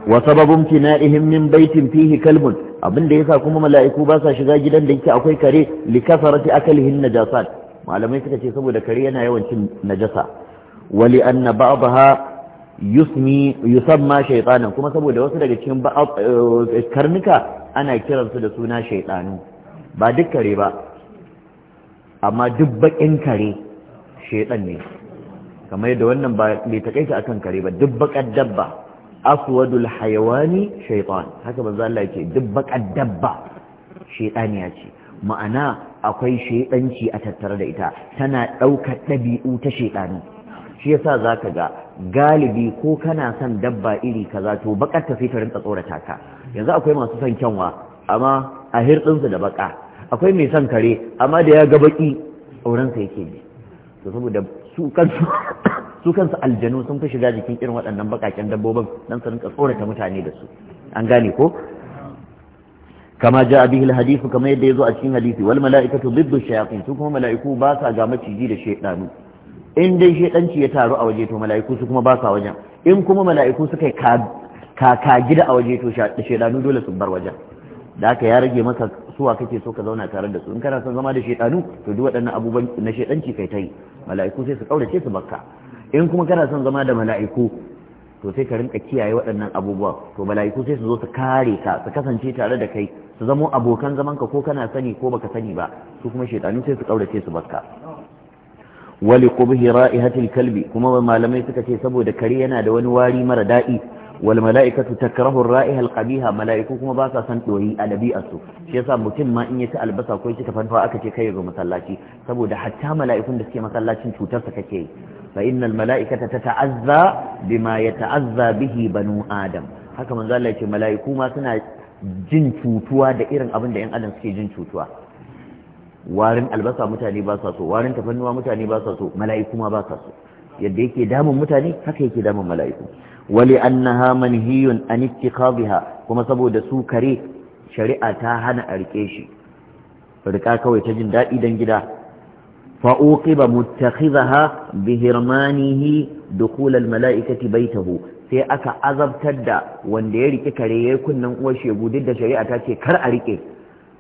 wa sababun tina'ihim min baitin fihi Kalmun, abin da yasa kuma mala'iku ba sa shiga gidan da yake akwai kare li kasarati akalihin najasat malamai suka ce saboda kare yana yawan cin najasa wali anna ba'daha yusmi yusamma shaytanan kuma saboda wasu daga cikin eh, karnuka ana kiransu da suna shaytanu ba duk kare ba amma duk bakin kare shaytan ne kamar yadda wannan ba bai takaita akan kare ba duk bakar dabba aswadul hayawani shaytan haka manzo Allah yake duk bakar dabba shaytaniya ce ma'ana akwai shaidanci a tattare da ita tana ɗaukar ɗabi'u ta shaidani shi yasa za ka ga galibi ko kana son dabba iri kaza to bakar ta sai ta rinka tsorata ka yanzu akwai masu son kyanwa amma a hirɗinsu da baka akwai mai son kare amma da ya ga baki sa yake ji to saboda su kansu su kansu aljanu sun fi shiga jikin irin waɗannan bakaken dabbobin don su rinka tsorata mutane da su an gane ko kama ja bihi alhadith kama yadda yazo a cikin hadisi wal malaikatu biddu shayatin su kuma malaiku ba sa ga maciji da shaydanu in dai ya taru a waje to malaiku su kuma ba sa wajen in kuma malaiku suka ka ka gida a waje to shaydanu dole su bar wajen da haka ya rage maka suwa kake so ka zauna tare da su in kana son zama da to duk waɗannan abubuwan mala'iku sai su su bakka in kuma son zama da mala'iku to sai ka rinka kiyaye waɗannan abubuwa to mala'iku sai su zo su kare ka su kasance tare da kai su zamo abokan zamanka ko kana sani ko baka sani ba su kuma shaitanu sai su kaurace su baka wali qubhi ra'ihatil kalbi kuma malamai suka ce saboda kare yana da wani wari mara daɗi wal mala'ikatu takrahu ar-ra'iha al-qabiha mala'iku kuma ba sa san doyi a dabi'arsu shi yasa mutum ma in ya ci albasa ko ya ci tafarnuwa aka ce kai zo masallaci saboda hatta mala'ikun da suke masallacin cutar sa kake yi fa innal mala'ikata tata'azza bima yata'azza bihi banu adam haka manzo Allah ya ce mala'iku ma suna jin cutuwa da irin abin da 'yan adam suke jin cutuwa warin albasa mutane ba sa so warin tafannuwa mutane ba sa so mala'iku ma ba sa so yadda yake damun mutane haka yake damun mala'iku wali annaha manhiyun an ittikhadha kuma saboda su kare shari'a ta hana a rike shi rika kawai ta jin daɗi dan gida fa uqiba muttakhidha bi hirmanihi dukhul al mala'ikati sai aka azabtar da wanda ya rike kare ya yi kunnen uwar shegu duk da shari'a ta ce kar a rike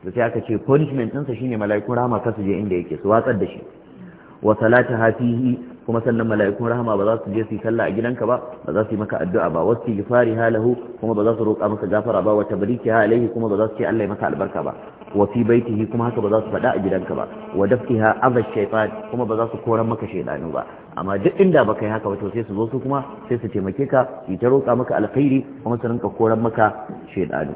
to sai aka ce punishment ɗinsa shine mala'ikun rama kasu je inda yake su watsar da shi wa salata hafihi kuma sannan mala'ikun rahama ba za su je su yi a gidanka ba ba za su yi maka addu'a ba wasu gifari halahu kuma ba za su roƙa maka gafara ba wata bariki ha alaihi kuma ba za su ce Allah ya maka albarka ba wa fi baitihi kuma haka ba za su faɗa a gidanka ba wa dafkiha adha shaytan kuma ba za su koran maka shaydanu ba amma duk inda baka yi haka ba to sai su zo su kuma sai su taimake ka su ta roƙa maka alkhairi kuma su rinka koran maka shaydanu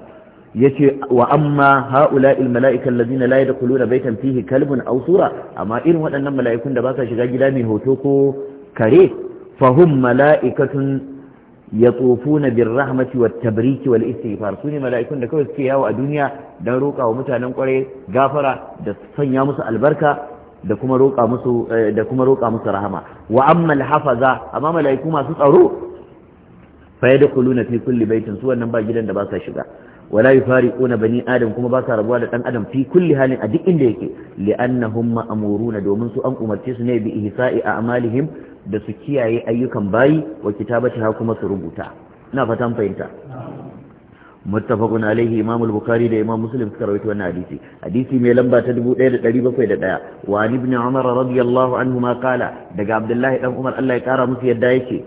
yace wa amma haula il mala'ika allazina la yadkhuluna baytan fihi kalbun aw sura amma irin waɗannan mala'ikun da ba sa shiga gida mai hoto ko kare fahum mala'ikatun yatufuna bir rahmati wat wal istighfar sune mala'ikun da kawai suke yawo a duniya dan roƙa wa mutanen kware gafara da sanya musu albarka da kuma roƙa musu eh, da kuma roƙa musu rahama wa amma al hafaza amma mala'iku masu tsaro fa yadkhuluna fi kulli baitin su wannan ba gidan da ba sa shiga wala yufariquna bani adam kuma ba sa rabuwa da dan adam fi kulli halin a duk inda yake li'annahum ma'muruna domin su an umarci su ne bi ihsa'i a'malihim da su kiyaye ayyukan bayi wa kitabatiha kuma su rubuta ina fatan fahimta muttafaqun alaihi imam al-bukhari da imam muslim suka rawaito wannan hadisi hadisi mai lamba ta dubu da da 1701 wa ibn umar radiyallahu anhu ma qala daga abdullahi dan umar Allah ya kara musu yadda yake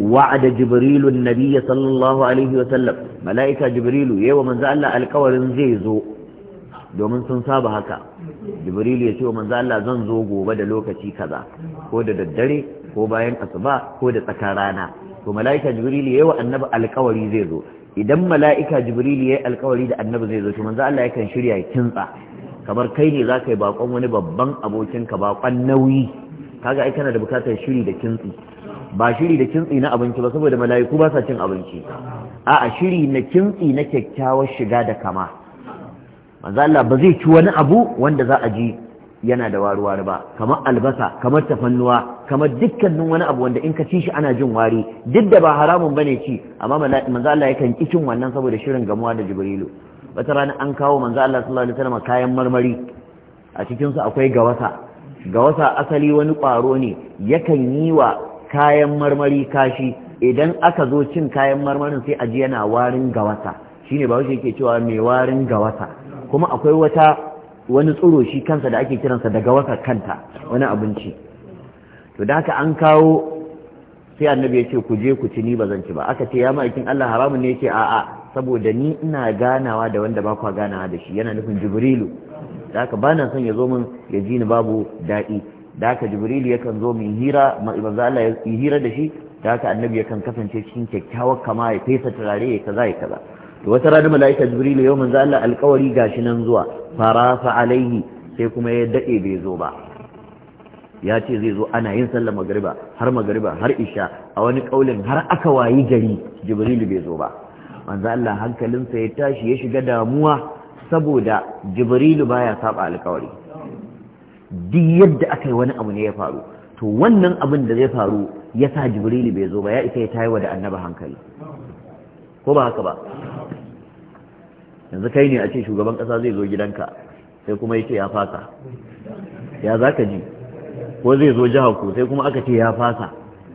وعد جبريل النبي صلى الله عليه وسلم ملائكة جبريل يو من ذا الله القول زيزو domin sun saba haka jibril ya ce wa manzo Allah zan zo gobe da lokaci kaza ko da daddare ko bayan asuba ko da tsakar rana to mala'ika jibril yayi wa annabi alƙawari zai zo idan mala'ika jibril yayi alƙawari da annabi zai zo to manzo Allah yakan shirya ya kintsa kamar kai ne za ka yi bakon wani babban abokinka ka bakon nauyi kaga ai kana da bukatar shiri da kintsi ba shiri da kintsi na abinci ba saboda mala'iku ba sa cin abinci a'a shiri na kintsi na kyakkyawar shiga da kama manzo Allah ba zai ci wani abu wanda za a ji yana da waruwa ba kamar albasa kamar tafannuwa kamar dukkanin wani abu wanda in ka ci shi ana jin wari duk da ba haramun bane ci amma manzo Allah yakan ki cin wannan saboda shirin gamuwa da Jibrilu wata rana an kawo manzo Allah sallallahu alaihi wasallam kayan marmari a cikin su akwai gawasa gawasa asali wani kwaro ne yakan yi wa kayan marmari kashi idan aka zo cin kayan marmarin sai aji yana warin gawasa shine ba wasu yake cewa mai warin gawasa kuma akwai wata wani tsoro shi kansa da ake kiransa da gawasa kanta wani abinci to da haka an kawo sai annabi ya ce ku je ku ci ni ba zan ci ba aka ce ya ma'aikin Allah haramun ne yake a'a saboda ni ina ganawa da wanda ba kwa ganawa da shi yana nufin jibrilu da haka ba na son ya zo min ya ji ni babu daɗi da haka jibril yakan zo mai hira manzo Allah ya hira da shi da haka annabi yakan kasance cikin kyakkyawar kama ya fesa turare ya kaza ya kaza to wata rana mala'ika jibril yau manzo Allah alƙawari gashi nan zuwa fa alaihi sai kuma ya dade bai zo ba ya ce zai zo ana yin sallar magariba har magariba har isha a wani kaulin har aka wayi gari jibril bai zo ba manzo Allah hankalinsa ya tashi ya shiga damuwa saboda jibril baya saba alƙawari duk yadda aka yi wani abu ne ya faru to wannan abin da zai faru ya sa jibrilu bai zo ba ya isa ya tayi da annaba hankali ko ba haka ba yanzu kai ne a ce shugaban kasa zai zo gidanka sai kuma ya ce ya fasa ya za ka ji ko zai zo jihar ku sai kuma aka ce ya fasa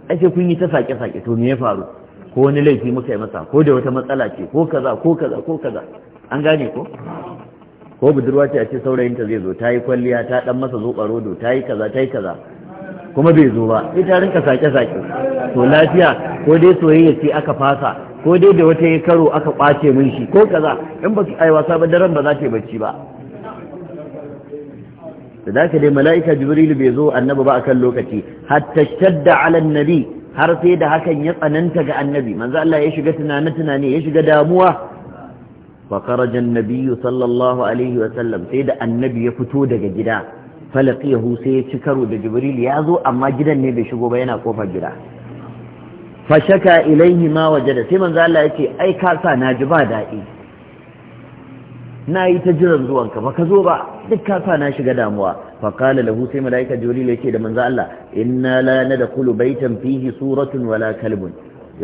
ake kun yi ta sake-sake to me ya faru ko wani laifi muka yi masa ko da wata matsala ce ko kaza ko kaza ko kaza an gane ko ko budurwa ce a ce saurayinta zai zo ta yi kwalliya ta dan masa zo do. ta yi kaza ta yi kaza kuma bai zo ba sai ta rinka sake sake to lafiya ko dai soyayya ce aka fasa ko dai da wata ya karo aka kwace min shi ko kaza in ba su ai wasa ba daren ba za ta yi bacci ba da zaka dai mala'ika jibril bai zo annabi ba akan lokaci hatta shadda ala nabi har sai da hakan ya tsananta ga annabi manzo Allah ya shiga tunane tunane ya shiga damuwa فخرج النبي صلى الله عليه وسلم سيدا النبي يفتو دغ جدا فلقيه سي da jibril ya zo, amma gidan ne bai shigo ba yana kofar gida fashaka ilaihi ma da, sai manzo Allah yake ai ka sa ji ba dadi yi ta jiran zuwan ka baka zo ba duk ka sa na shiga damuwa fa qala lahu sai malaika jibril yake da manzo Allah inna la nadkhulu baitan fihi suratun wala kalbun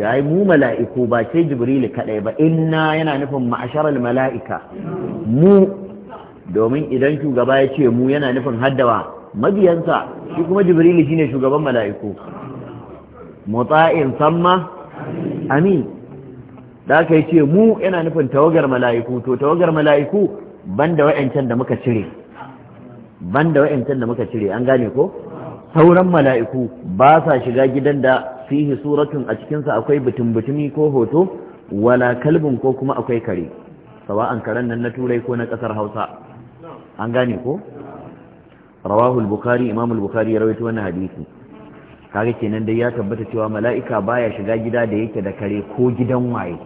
ya yi mu mala'iku ba ce jibrilu kaɗai ba inna yana nufin ma'asharar mala'ika mu domin idan shugaba ya ce mu yana nufin haddawa mabiyansa shi kuma jibrilu shine shugaban mala'iku mutsa'in samma amin da aka yi ce mu yana nufin tawagar mala'iku to tawagar mala'iku banda wa'yancan da muka cire banda wa'yancan da muka cire an gane ko sauran mala'iku ba sa shiga gidan da fihi suratun a cikinsa akwai butun ko hoto wala kalbin ko kuma akwai kare sawa'an karen nan na turai ko na kasar hausa an gane ko rawahul bukari imamul bukari ya rawaito wannan hadisi kaga kenan dai ya tabbata cewa mala'ika baya shiga gida da yake da kare ko gidan waye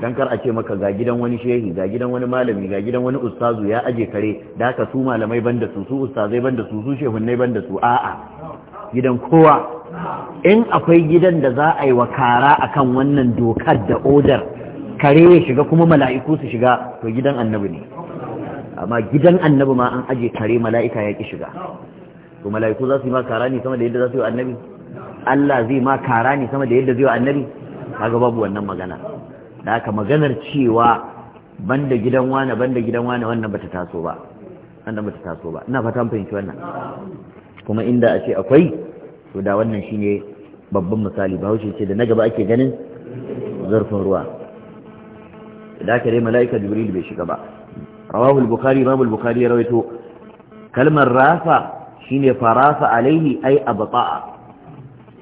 dan kar a ce maka ga gidan wani shehi ga gidan wani malami ga gidan wani ustazu ya aje kare da ka su malamai banda su su ustazai banda su su shehunnai banda su a'a gidan kowa in akwai gidan da za a yi wa kara akan wannan dokar da odar kare ya shiga kuma mala'iku su shiga to gidan annabi ne amma gidan annabi ma an aje kare mala'ika ya ki shiga to mala'iku za su yi ma kara ne sama da yadda za su yi wa annabi Allah zai ma kara ne sama da yadda zai wa annabi kaga babu wannan magana da aka maganar cewa banda gidan wane banda gidan wane wannan bata taso ba wannan bata taso ba ina fatan fahimci wannan kuma inda a ce akwai to da wannan shine babban misali bahaushe ce da na gaba ake ganin zarfin ruwa da aka dai mala'ika jibril bai shiga ba rawahu al-bukhari imam al-bukhari ya rawaito kalmar rafa shine farafa alaihi ai abta'a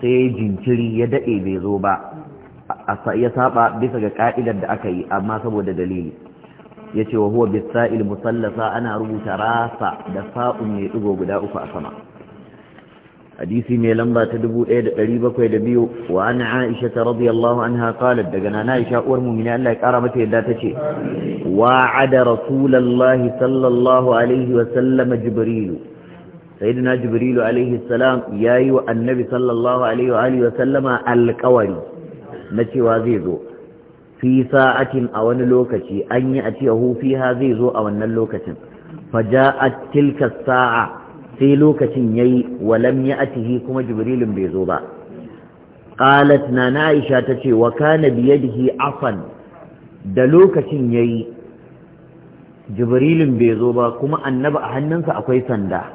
sai jinkiri ya dade bai zo ba ya saba bisa ga ka'idar da aka yi amma saboda dalili yace wa huwa bisa'il musallasa ana rubuta rafa da sa'un mai digo guda uku a sama hadisi mai lamba ta da wa an aisha ta radiyallahu anha qalat daga nana aisha uwar mu'mini Allah ya kara mata yadda tace wa'ada rasulullahi sallallahu alaihi wa sallam jibril sayyidina jibril alaihi salam yayi wa annabi sallallahu alaihi wa alihi wa sallama alqawari na cewa zai zo fi sa'atin a wani lokaci an yi a ce hu fiha zai zo a wannan lokacin faja'at tilka sa'a sai lokacin ya yayi walam atihi kuma Jibrilin bai zo ba qalat nana aisha tace wa kana bi yadihi afan da lokacin ya yi Jibrilin bai zo ba kuma annaba a hannunsa akwai sanda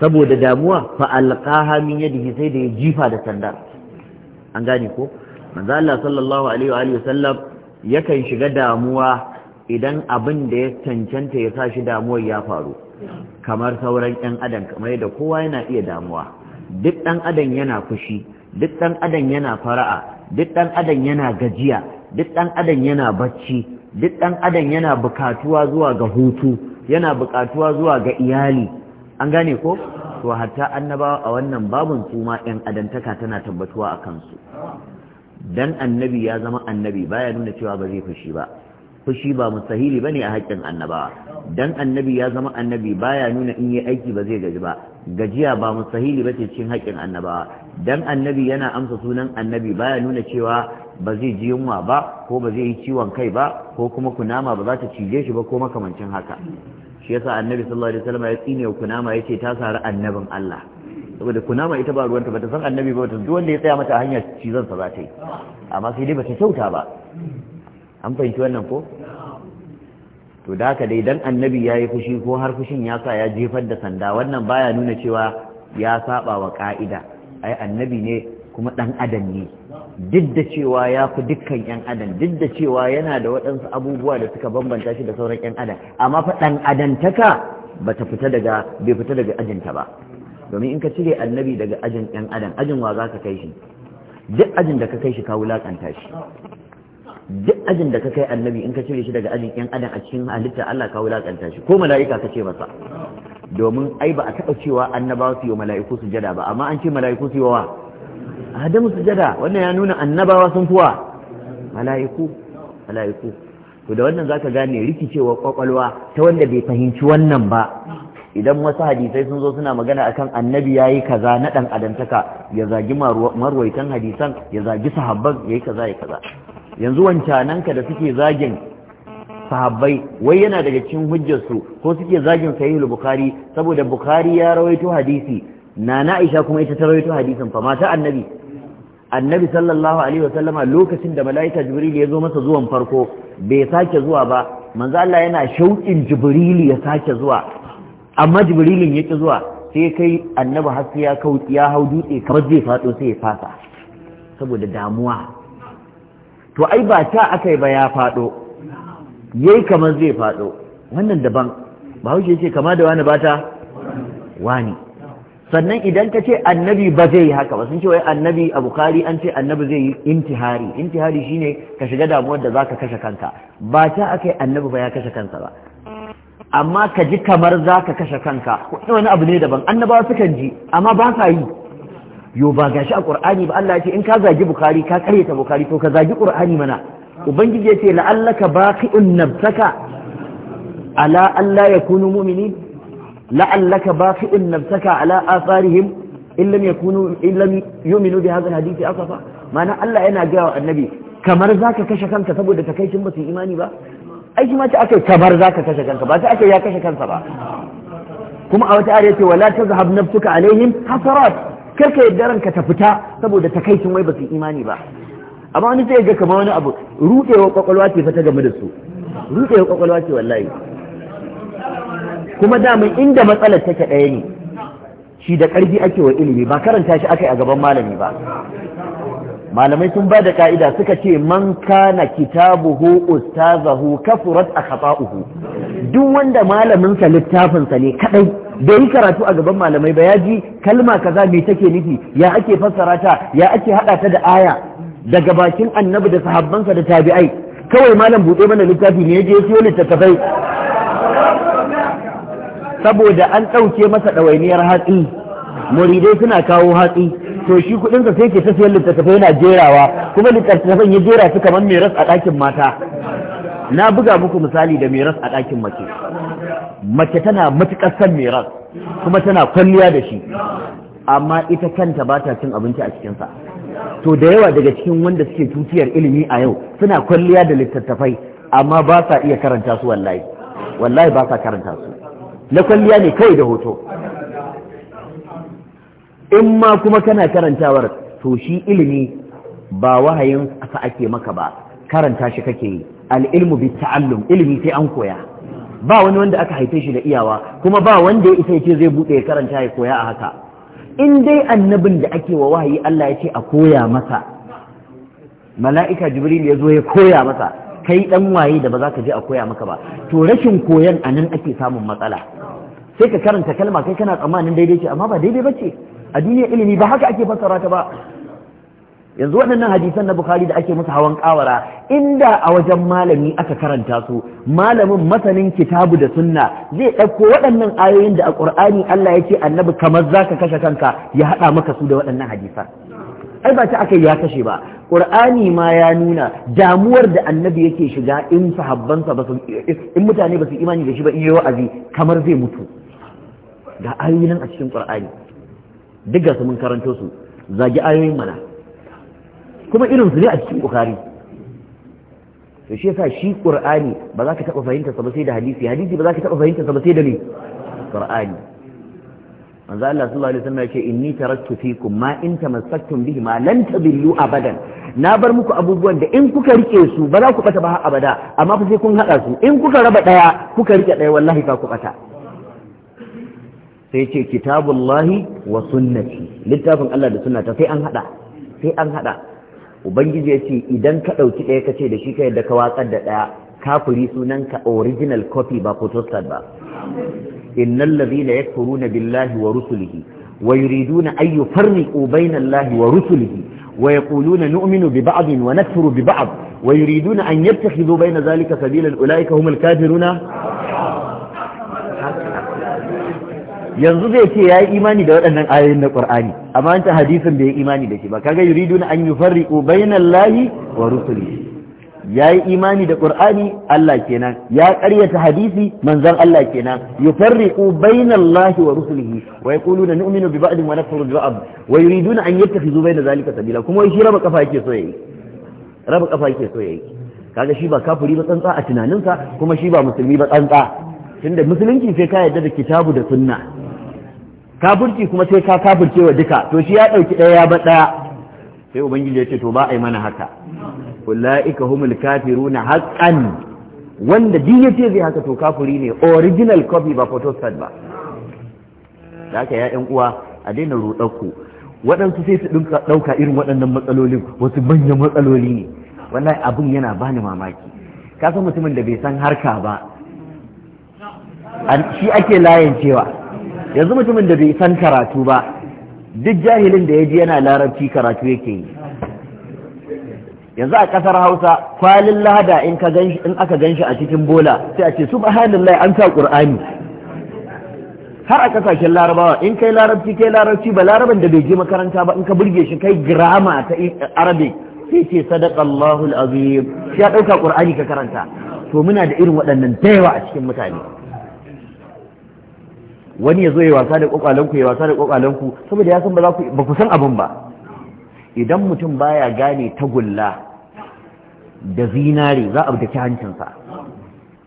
saboda damuwa fa alqaha min yadihi sai da ya jifa da sanda an gane ko manzo Allah sallallahu alaihi wa alihi wasallam yakan shiga damuwa idan abin da ya cancanta ya sa shi damuwar ya faru kamar sauran 'yan adam kamar da kowa yana iya damuwa duk ɗan adam yana fushi duk ɗan adam yana fara'a duk ɗan adam yana gajiya duk ɗan adam yana bacci duk ɗan adam yana bukatuwa zuwa ga hutu yana bukatuwa zuwa ga iyali an gane ko to hatta annabawa a wannan babun su ma ƴan adantaka tana tabbatuwa a kansu dan annabi ya zama annabi baya nuna cewa ba zai fushi ba fushi ba mustahili bane a haƙƙin annabawa dan annabi ya zama annabi baya nuna in yi aiki ba zai gaji ba gajiya ba mustahili bace cikin haƙƙin annabawa dan annabi yana amsa sunan annabi baya nuna cewa ba zai ji yunwa ba ko ba zai yi ciwon kai ba ko kuma kunama ba za ta cije shi ba ko makamancin haka shi yasa annabi sallallahu alaihi wasallam ya tsine kunama yace ta sari annabin Allah saboda kunama ita ba ruwanta bata san annabi ba ta wanda ya tsaya mata hanya cizon sa za ta yi amma sai dai bata kyauta ba an fahimci wannan ko to da haka dai dan annabi ya yi fushi ko har fushin ya sa ya jefar da sanda wannan baya nuna cewa ya saba wa ka'ida ai annabi ne kuma dan adam ne duk da cewa ya fi dukkan yan adam duk da cewa yana da waɗansu abubuwa da suka bambanta shi da sauran yan adam amma fa dan adantaka bata fita daga bai fita daga ajinta ba domin in ka cire annabi daga ajin yan adam ajin wa za ka kai shi duk ajin da ka kai shi ka wulakanta shi duk ajin da ka kai annabi in ka cire shi daga ajin yan adam a cikin halitta Allah ka wulakanta shi ko mala'ika ka ce masa domin ai ba a taɓa cewa annabawa su yi mala'iku su jada ba amma an ce mala'iku su yi wa adamu su jada wannan ya nuna annabawa sun fuwa mala'iku mala'iku to da wannan zaka gane rikicewa kwakwalwa ta wanda bai fahimci wannan ba idan wasu hadisai sun zo suna magana akan annabi yayi kaza na dan adantaka ya zagi marwaitan hadisan ya zagi sahabban yayi kaza ya kaza yanzu wancananka da suke zagin sahabbai wai yana daga cikin hujjarsu ko suke zagin sahihul bukhari saboda bukhari ya rawaito hadisi nana aisha kuma ita ta rawaito hadisin fa mata annabi annabi sallallahu alaihi wasallama lokacin da mala'ika jibril ya zo masa zuwan farko bai sake zuwa ba manzo Allah yana shauƙin jibril ya sake zuwa amma jibrilin yake zuwa sai kai annabi har ya ya hau dutse kamar zai faɗo sai ya fasa saboda damuwa to ai ba ta aka yi ba ya faɗo yayi kamar zai faɗo wannan daban ba haushe ce kama da wani bata wani sannan idan ka ce annabi ba zai yi haka ba sun ce wai annabi a bukari an ce annabi zai yi intihari intihari shine ka shiga damuwar da zaka kashe kanka ba ta aka yi annabi ba ya kashe kansa ba amma ka ji kamar zaka kashe kanka wani abu ne daban annabawa sukan ji amma ba sa yi yo ba gashi a qur'ani ba Allah ya ce in ka zagi bukari ka karyata bukari to ka zagi qur'ani mana ubangiji ya ce la'allaka baqi'un nafsaka ala Allah ya kunu mu'minin la'allaka baqi'un nafsaka ala atharihim in lam yakunu in lam yu'minu bi hadha alhadith asafa ma'ana Allah yana ga wa annabi kamar zaka kashe kanka saboda takaicin ba su imani ba ai shi ma ta akai kamar zaka kashe kanka ba ta akai ya kashe kansa ba kuma a wata ayar ce wala tazhab nafsuka alaihim hasarat karka yadda ranka ta fita saboda takaicin wai ba su imani ba amma wani zai ga kamar wani abu rudewa kwakwalwa ce fata game da su rudewa kwakwalwa ce wallahi kuma daman inda matsalar take ɗaya ne shi da ƙarfi ake wa ilimi ba karanta shi aka yi a gaban malami ba malamai sun ba da ka'ida suka ce man kana kitabuhu ustazahu kafurat akhata'uhu duk wanda malaminsa sa littafin sa ne kadai bai yi karatu a gaban malamai ba ya ji kalma kaza me take nufi ya ake fassara ta ya ake hada ta da aya daga bakin annabi da sahabbansa da tabi'ai kawai malam buɗe mana littafi ne ya je siyo littattafai saboda an ɗauke masa ɗawainiyar hatsi muridai suna kawo hatsi to shi kuɗinsa sai ke ta littattafai na jerawa kuma littattafan ya jera su kamar meras a ɗakin mata na buga muku misali da meras a ɗakin mace mace tana matuƙar san miras kuma tana kwalliya da shi amma ita kanta ba ta cin abinci a cikinsa to da yawa daga cikin wanda suke tutiyar ilimi a yau suna kwalliya da littattafai amma ba sa iya karanta su wallahi wallahi ba sa karanta su na kwalliya ne kawai da hoto in ma kuma kana karantawar to shi ilimi ba wahayin aka ake maka ba karanta shi kake yi al'ilmu bi ta'allum ilimi sai an koya ba wani wanda aka haife shi da iyawa kuma ba wanda ya isa ce zai bude ya karanta ya koya a haka in dai annabin da ake wa wahayi Allah ya ce a koya masa mala'ika jibril ya zo ya koya masa kai dan waye da ba za ka je a koya maka ba to rashin koyan anan ake samun matsala sai ka karanta kalma kai kana tsammanin daidai ce amma ba daidai bace a duniya ilimi ba haka ake fassara ta ba yanzu waɗannan hadisan na bukari da ake musu hawan kawara inda a wajen malami aka karanta su malamin masanin kitabu da sunna zai ɗauko waɗannan ayoyin da a ƙur'ani Allah ya ce annabi kamar za ka kashe kanka ya haɗa maka su da waɗannan hadisan ai ba ta aka ya kashe ba ƙur'ani ma ya nuna damuwar da annabi yake shiga in sahabbansa ba su in mutane ba su imani da shi ba in yi wa'azi kamar zai mutu ga ayoyin a cikin ƙur'ani duk ga su mun karanto su zagi ayoyin mana kuma irin su ne a cikin bukari to shi yasa shi qur'ani ba za ka taba fahimta sa ba sai da hadisi hadisi ba za ka taba fahimta sa ba sai da ne qur'ani manzo Allah sallallahu alaihi wasallam ce inni taraktu fikum ma in tamassaktum bihi ma lan tadillu abadan na bar muku abubuwan da in kuka rike su ba za ku bata ba abada amma fa sai kun hada su in kuka raba daya kuka rike daya wallahi fa ku bata sai ce kitabullahi wa sunnati littafin Allah da sunnata sai an hada sai an hada ubangiji ya ce idan ka ɗauki ɗaya ka ce da shi ka yadda ka watsar da ɗaya kafiri sunanka original copy ba photostat ba innal ladhina yakfuruna billahi wa rusulihi wa yuriduna an yufarriqu bayna allahi wa rusulihi wa yaquluna nu'minu bi ba'd wa nakfuru bi ba'd wa yuriduna an yattakhidhu bayna dhalika sabila ulaika humul kafiruna yanzu zai ce ya yi imani da waɗannan ayoyin na Qur'ani amma an ta hadisin bai yi imani da shi ba kaga yuriduna an yufarriqu bainallahi wa Ya yi imani da Qur'ani Allah kenan ya ƙaryata hadisi manzan Allah kenan yufarriqu bainallahi wa rusulihi wa yaquluna nu'minu bi ba'din wa nakfuru bi ba'd wa yuriduna an yattakhizu baina zalika sabila kuma shi raba kafa yake so ya yi. raba kafa yake so ya yayi kaga shi ba kafuri ba tsantsa a tunaninsa kuma shi ba musulmi ba tsantsa tunda musulunci sai ka yarda da kitabu da sunna burki kuma sai ka kaburke wa duka to shi ya ɗauki ɗaya ya bar ɗaya sai ubangiji ya ce to ba a yi mana haka ulaika humul kafiruna haqqan wanda din yace zai haka to kafuri ne original copy ba photostat ba da haka ya ƴan uwa a daina ruɗakku waɗansu sai su ɗauka irin waɗannan matsalolin wasu manyan matsaloli ne wallahi abin yana bani mamaki ka san mutumin da bai san harka ba shi ake layin cewa yanzu mutumin da bai san karatu ba duk jahilin da ya ji yana larabci karatu yake yi yanzu a kasar hausa kwalin lahada in aka gan shi a cikin bola sai a ce subhanallah an sa qur'ani har a kasashen larabawa in kai larabci kai larabci ba laraban da bai je makaranta ba in ka burge shi kai girama ta arabi sai ce sadaqallahu alazim ya ɗauka qur'ani ka karanta to muna da irin waɗannan da yawa a cikin mutane wani ya zo ya wasa da kwakwalanku ya wasa da kwakwalanku saboda ya san ba za ku ba ku san abin ba idan mutum baya gane tagulla da zinare za a daki hancinsa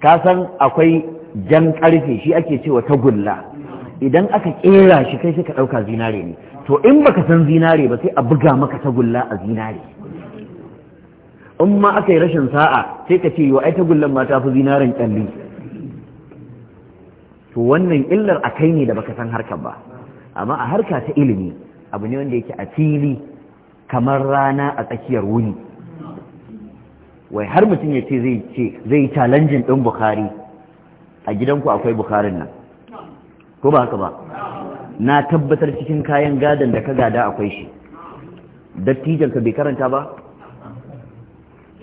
ka san akwai jan karfe shi ake cewa tagulla idan aka kera shi kai sai ka dauka zinare ne to in baka san zinare ba sai a buga maka tagulla a zinare in ma aka yi rashin sa'a sai ka ce wa ai tagullan ma ta fi zinaren kyalli to wannan illar a kai ne da baka san harkar ba amma a harka ta ilimi abu ne wanda yake a fili kamar rana a tsakiyar wuni wai har mutum ya ce zai ce zai yi challenging din bukhari a gidanku akwai bukharin nan ko ba haka ba na tabbatar cikin kayan gadon da ka gada akwai shi dattijanka bai karanta ba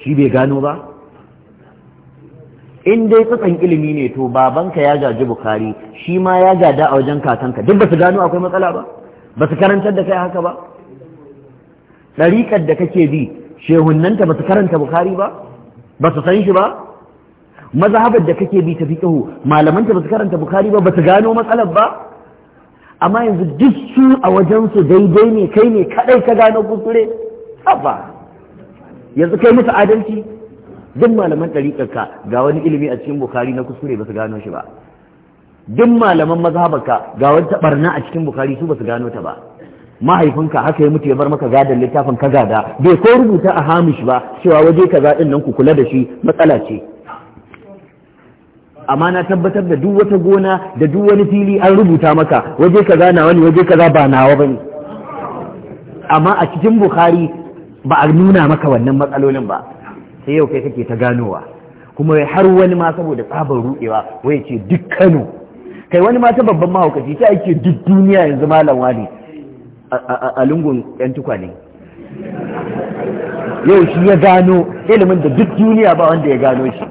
shi bai gano ba in dai tsatsan ilimi ne to babanka ya gaji bukari shi ma ya gada a wajen kakanka duk ba su gano akwai matsala ba ba su karantar da kai haka ba ɗariƙar da kake bi shehunnanta ba su karanta bukari ba ba su san shi ba mazhabar da kake bi ta fiqhu malamanta ba su karanta bukari ba ba su gano matsalar ba amma yanzu duk su a wajen su daidai ne kai ne kaɗai ka gano kuskure haba yanzu kai musu adalci duk malaman ka ga wani ilimi a cikin bukari na kuskure ba su gano shi ba duk malaman mazhabarka ga wani taɓarna a cikin bukari su ba su gano ta ba mahaifinka haka ya mutu ya bar maka gadon littafin ka gada bai ko rubuta a hamish ba cewa waje ka zaɗin nan ku kula da shi matsala ce amma na tabbatar da duk wata gona da duk wani fili an rubuta maka waje ka gana wani waje kaza ba nawa ba ne. amma a cikin bukari ba a nuna maka wannan matsalolin ba sai yau kai kake ta ganowa kuma har wani ma saboda tsabar ruɗewa wai ce duk kano kai wani ma ta babban mahaukaci ta ake duk duniya yanzu malam wani a lungun yan tukwane yau shi ya gano ilimin da duk duniya ba wanda ya gano shi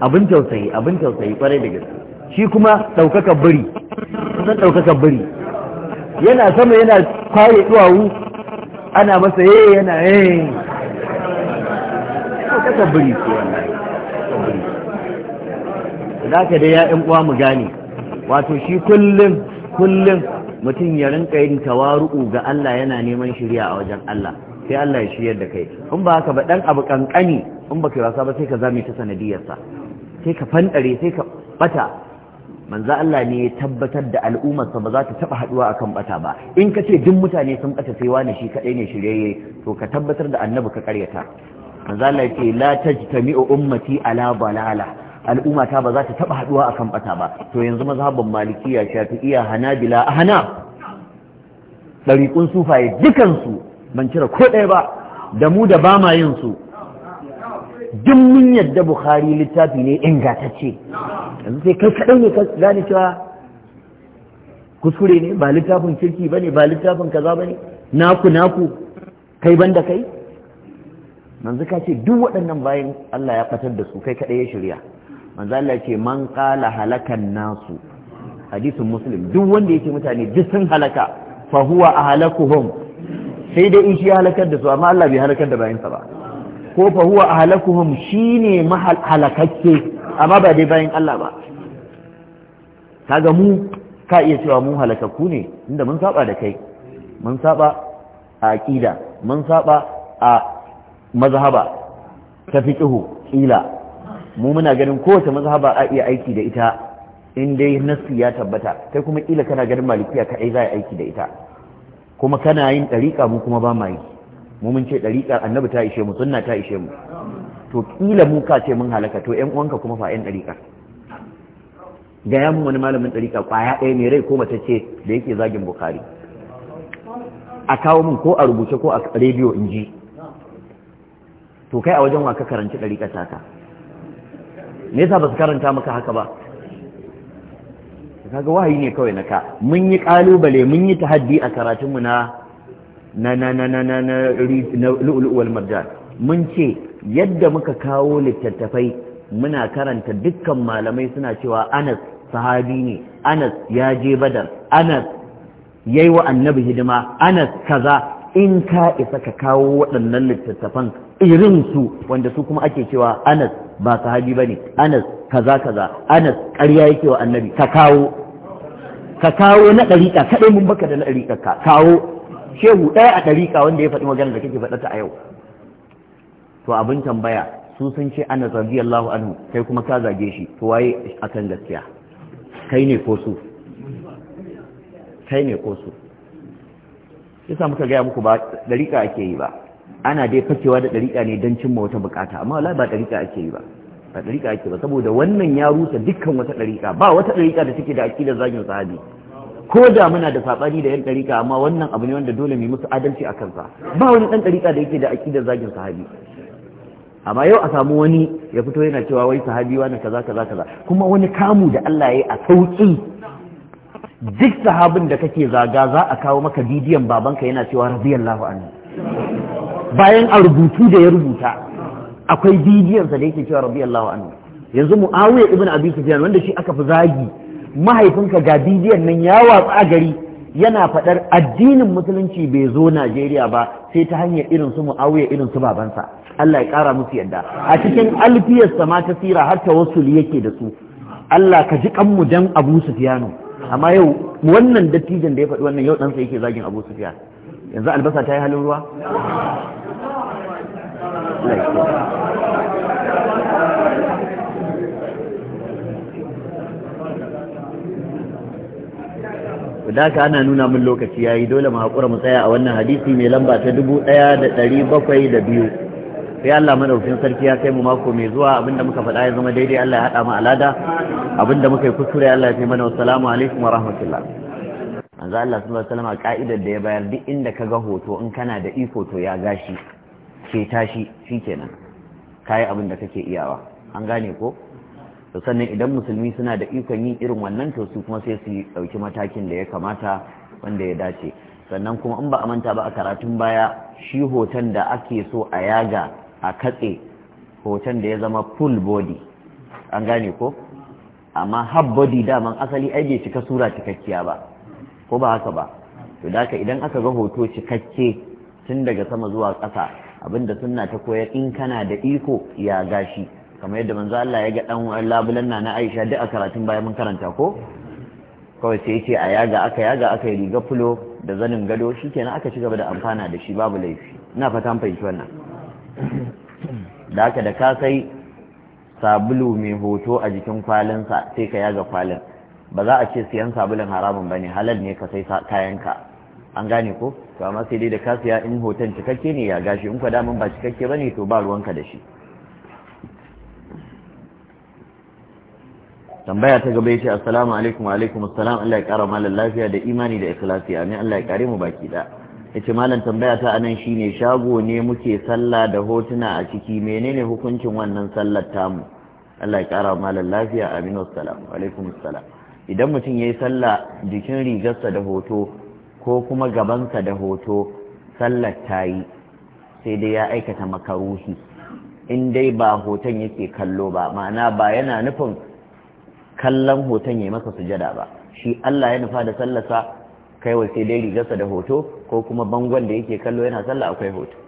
abin tausayi abin tausayi kwarai da gaske shi kuma ɗaukaka biri kusan ɗaukaka biri yana sama yana kwaye duwawu ana masa ye eh, yana ye eh. ka tabbiri ce wannan za ka dai ya'yan uwa mu gane wato shi kullum kullum mutum ya rinka yin tawaru'u ga Allah yana neman shirya a wajen Allah sai Allah ya shiryar da kai in ba haka ba ɗan abu ƙanƙani? in ba kai wasa ba sai ka zame ta sanadiyarsa sai ka fanɗare, sai ka bata manzo Allah ne ya tabbatar da al'ummarsa ba za ta taba haduwa akan bata ba in ka ce duk mutane sun bata sai wani shi kadai ne shiryayye to ka tabbatar da annabi ka karyata manzo Allah ya ce la tajtami'u ummati ala balala al'ummata ba za ta taba haduwa akan bata ba to yanzu mazhaban malikiya shafi'iyya hanabila ahna dariqun sufaye dukan su ban cire ko ɗaya ba da mu da ba ma yin su duk mun yadda bukhari littafi ne ingatacce yanzu sai kai kaɗai ne ka gane cewa kuskure ne ba littafin kirki ba ne ba littafin kaza ba ne naku naku kai ban da kai manzu ka ce duk waɗannan bayan Allah ya fatar da su kai kaɗai ya shirya manzu Allah ya ce man ƙala halakan nasu hadisin muslim duk wanda ya ce mutane duk sun halaka fa huwa ahlakuhum sai dai in shi halakar da su amma Allah bai halakar da bayansa ba ko fa huwa ahlakuhum shine mahalakakke amma ba dai bayan Allah ba kaga mu ka iya cewa mu halakakku ne inda mun saba da kai mun saba a aqida mun saba a mazhaba ta fiqhu ila mu muna ganin kowace mazhaba a iya aiki da ita in dai nasu ya tabbata kai kuma kila kana ganin malikiya ka ai za aiki da ita kuma kana yin dariqa mu kuma ba ma yi mu mun ce ɗariƙar annabi ta ishe mu sunna ta ishe mu to ƙila mu ka ce mun halaka to ƴan uwanka kuma fa ƴan ɗariƙa ga ya mun wani malamin ɗariƙa ƙwaya ɗaya mai rai ko mace ce da yake zagin bukari a kawo mun ko a rubuce ko a rediyo in ji to kai a wajen wa ka karanci ɗariƙa taka me yasa ba su karanta maka haka ba kaga wahayi ne kawai na ka. mun yi ƙalubale mun yi tahaddi a karatunmu na na na na na na na marjan mun ce yadda muka kawo littattafai muna karanta dukkan malamai suna cewa Anas sahabi ne Anas ya je Badar Anas yayi wa annabi hidima Anas kaza in ka isa ka kawo waɗannan littattafan irin su wanda su kuma ake cewa Anas ba sahabi bane Anas kaza kaza Anas ƙarya yake wa annabi ka kawo ka kawo na ɗariƙa kaɗai mun baka da na ɗariƙa ka kawo shehu ɗaya a ɗariƙa wanda ya faɗi magana da kake faɗata a yau to abin tambaya su sun ce ana radiyallahu anhu kai kuma ka zage shi to waye akan gaskiya kai ne ko su kai ne ko su yasa muka gaya muku ba ɗariƙa ake yi ba ana dai fakewa da ɗariƙa ne don cimma wata buƙata amma wala ba ɗariƙa ake yi ba ba ɗariƙa ake ba saboda wannan ya rusa dukkan wata ɗariƙa ba wata ɗariƙa da take da aƙidar zagin sahabi ko da muna da sabani da yan ɗariƙa amma wannan abu ne wanda dole mu musu adalci a kansa ba wani ɗan ɗariƙa da yake da aƙidar zagin sahabi amma yau a samu wani ya fito yana cewa wai sahabi wani kaza kaza kaza kuma wani kamu da Allah ya yi a sauki duk sahabin da kake zaga za a kawo maka bidiyon babanka yana cewa radiyallahu anhu bayan a rubutu da ya rubuta akwai bidiyonsa da yake cewa radiyallahu anhu yanzu muawiya ibn abi sufyan wanda shi aka fi zagi mahaifinka ga bidiyon nan ya watsa a gari yana faɗar addinin musulunci bai zo Najeriya ba sai ta hanyar irin su Muawiya irin su babansa Allah ya ƙara musu yadda a cikin alfiyar sama ta sira har ta wasu yake da su Allah ka ji kanmu dan Abu Sufyanu amma yau wannan dattijan da ya faɗi wannan yau sa yake zagin Abu Sufyan yanzu albasa ta yi halin ruwa da ka ana nuna min lokaci yayi dole mu hakura mu tsaya a wannan hadisi mai lamba ta dubu ɗaya da ɗari bakwai da biyu sai Allah madaukin sarki ya kai mu mako mai zuwa abinda muka faɗa ya zama daidai Allah ya haɗa mu alada abinda muka yi kuskure Allah ya ce mana assalamu alaikum wa rahmatullah manzo Allah sallallahu alaihi wasallam ka'idar da ya bayar duk inda ka ga hoto in kana da iko to ya gashi ke tashi shikenan kai abin da kake iyawa an gane ko to sannan idan musulmi suna da ikon yin irin wannan to su kuma sai su dauki matakin da ya kamata wanda ya dace sannan kuma in ba a manta ba a karatun baya shi hoton da ake so a yaga a katse hoton da ya zama full body an gane ko amma half body daman asali ai bai cika sura cikakkiya ba ko ba haka ba to da idan aka ga hoto cikakke tun daga sama zuwa ƙasa abinda sunna ta koyar in kana da iko ya gashi kamar yadda manzo Allah ya ga dan labulan na na Aisha duk a karatun bayan mun karanta ko kawai sai yace a yaga aka yaga aka riga fulo da zanin gado shikenan aka ci gaba da amfana da shi babu laifi ina fata an fahimci wannan da aka da ka sai sabulu mai hoto a jikin sa sai ka yaga kwalin ba za a ce siyan sabulun haramun bane halal ne ka sai kayan ka an gane ko to amma sai dai da ka siya in hoton cikakke ne ya gashi in kwa mun ba cikakke ba ne to ba ruwanka da shi tambaya ta gaba yace assalamu alaikum wa alaikum assalam Allah ya kara malan lafiya da imani da ikhlasi amin Allah ya kare mu baki da yace malan tambaya ta anan shine shago ne muke sallah da hotuna a ciki menene hukuncin wannan sallar tamu Allah ya kara malan lafiya amin wa salam wa alaikum assalam idan mutum yayi sallah jikin rigarsa da hoto ko kuma gabansa da hoto sallar tayi sai dai ya aikata makaruhi in dai ba hoton yake kallo ba ma'ana ba yana nufin kallon hoton ya masa sujada ba shi Allah ya nufa da sallasa kai wa sai dai rigarsa da hoto ko kuma bangon da yake kallo yana sallah akwai hoto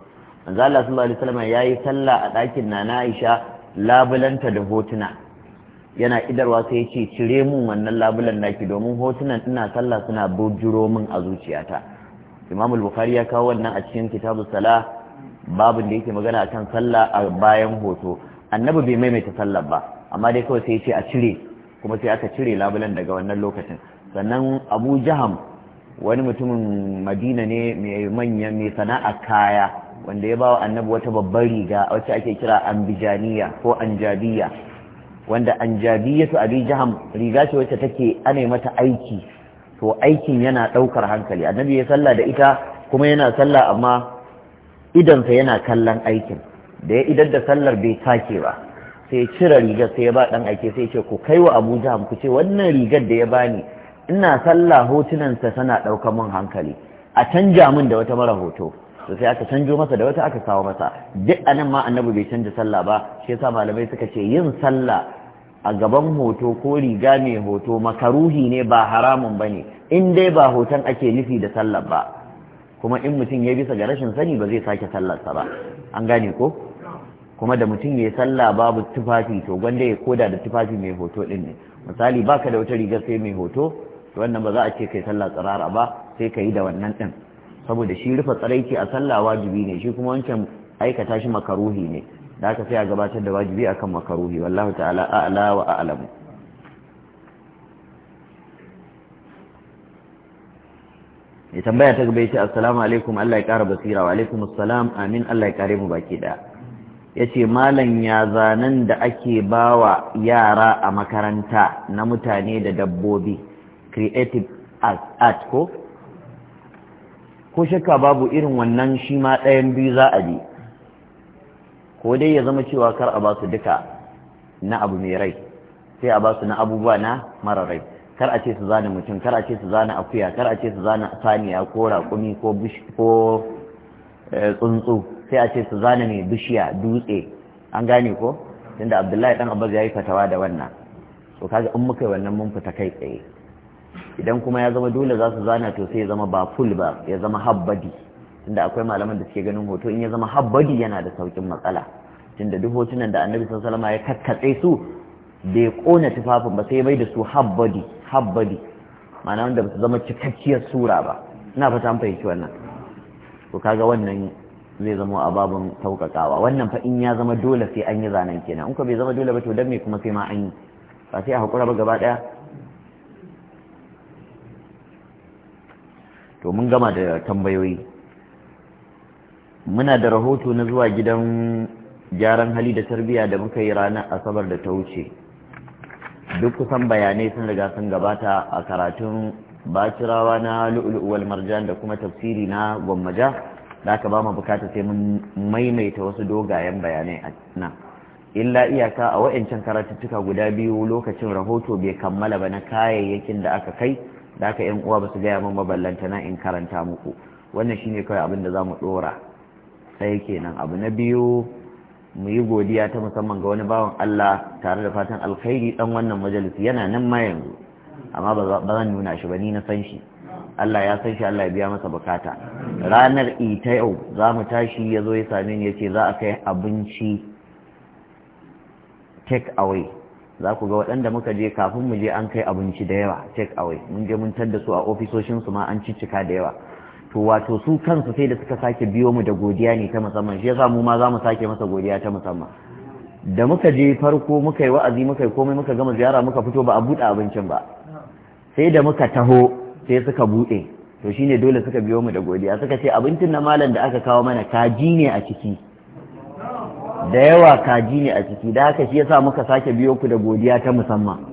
manzo Allah sallallahu alaihi wasallam yayi sallah a dakin Nana Aisha labulanta da hotuna yana idarwa sai ya ce cire mun wannan labulan naki domin hotunan ina sallah suna bujuro min a zuciyata Imam al-Bukhari ya kawo wannan a cikin Kitabus Salah babu da yake magana akan sallah a bayan hoto annabi bai maimaita sallar ba amma dai kawai sai ya ce a cire kuma sai aka cire labulan daga wannan lokacin sannan abu jaham wani mutumin madina ne mai manya mai sana'a kaya wanda ya bawa annabi wata babbar riga wacce ake kira ambijaniya ko anjabiya wanda su abi jaham riga ce wacce take ana mata aiki to aikin yana ɗaukar hankali annabi ya salla da ita kuma yana salla amma idansa yana kallon aikin da ya idar da sallar bai take ba sai cire rigar sai ya ba dan aike sai ce ku kai wa Abu Jaham ku ce wannan rigar da ya bani ina sallah hotunan sa tana daukar mun hankali a canja min da wata mara hoto to sai aka canjo masa da wata aka kawo masa duk anan ma annabi bai canja sallah ba shi yasa malamai suka ce yin sallah a gaban hoto ko riga mai hoto makaruhi ne ba haramun ba ne. in dai ba hoton ake nufi da sallar ba kuma in mutum ya bisa ga rashin sani ba zai sake sallarsa ba an gane ko kuma da mutum ya sallah babu tufafi to gwanda ya koda da tufafi mai hoto din ne misali baka da wata rigar sai mai hoto to wannan ba za a ce ka kai sallah tsirara ba sai ka yi da wannan din saboda shi rufe tsaraici a sallah wajibi ne shi kuma wancan aikata shi makaruhi ne da aka sai a gabatar da wajibi akan makaruhi wallahu ta'ala a'la wa a'lamu ya tambaya ta gaba ya ce assalamu alaikum Allah ya kara basira wa alaikum assalam amin Allah ya kare mu baki ɗaya. ya ce malam ya zanen da ake ba wa yara a makaranta na mutane da dabbobi creative art ko ko shakka babu irin wannan shi ma ɗayan biyu za a bi ko dai ya zama cewa kar a ba su duka na abu mai rai sai a ba su na abubuwa na mara rai kar a ce su zane mutum kar a ce su zane akuya kar a ce su zane saniya ko raƙumi ko eh, tsuntsu sai a ce su zana mai bishiya dutse an gane ko tunda abdullahi dan abbas ya yi fatawa da wannan to kaga in muka yi wannan mun fita kai tsaye idan kuma ya zama dole za su zana to sai ya zama ba full ba ya zama habbadi tunda akwai malaman da suke ganin hoto in ya zama habbadi yana da saukin matsala tunda duk hotunan da annabi sallallahu alaihi wasallam ya kakkatse su bai kona tufafin ba sai bai da su habbadi habbadi ma'ana wanda ba su zama cikakkiyar sura ba ina fata an fahimci wannan ko kaga wannan zai zama a babin sauƙaƙawa wannan fa in ya zama dole sai an yi zanen kenan in ka bai zama dole ba to dan me kuma sai ma an yi ba sai a hakura ba gaba ɗaya to mun gama da tambayoyi muna da rahoto na zuwa gidan gyaran hali da tarbiyya da muka yi ranar asabar da ta wuce duk kusan bayanai sun riga sun gabata a karatun bacirawa na lu'ulu'uwal marjan da kuma tafsiri na gwammaja da aka ba mu bukata sai mun maimaita wasu dogayen bayanai a nan illa iyaka a wa'ancan karatuttuka guda biyu lokacin rahoto bai kammala ba na kayayyakin da aka kai da aka yan uwa ba su gaya min maballanta na in karanta muku wannan shine kawai abin da za mu ɗora sai kenan abu na biyu mu yi godiya ta musamman ga wani bawan Allah tare da fatan alkhairi dan wannan majalisi yana nan ma yanzu amma ba zan nuna shi ba ni na san shi Allah ya san shi Allah ya biya masa bukata ranar ita yau za mu tashi ya zo ya same ni ya ce za a kai abinci take away za ku ga waɗanda muka je kafin mu je an kai abinci da yawa take away mun je mun tadda su a ofisoshinsu ma an ciccika da yawa to wato su kansu sai da suka sake biyo mu da godiya ne ta musamman shi yasa mu ma za mu sake masa godiya ta musamman da muka je farko muka yi wa'azi muka yi komai muka gama ziyara muka fito ba a buɗe abincin ba sai da muka taho sai suka buɗe to shine dole suka biyo mu da godiya suka ce abincin na malam da aka kawo mana kaji ne a ciki da yawa kaji ne a ciki da haka shi yasa muka sake biyo ku da godiya ta musamman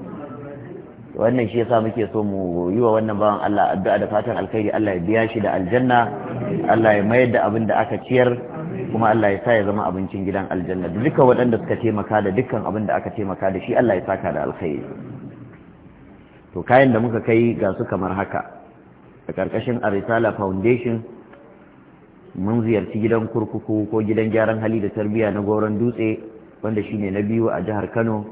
wannan shi yasa muke so mu yi wa wannan bawan Allah addu'a da fatan alkhairi Allah ya biya shi da aljanna Allah ya mayar da abin da aka ciyar kuma Allah ya sa ya zama abincin gidan aljanna duka waɗanda suka taimaka da dukkan abin da aka taimaka da shi Allah ya saka da alkhairi to kayan da muka kai ga su kamar haka a ƙarƙashin arisala foundation mun ziyarci gidan kurkuku ko gidan gyaran hali da tarbiyya na goron dutse wanda shi ne na biyu a jihar kano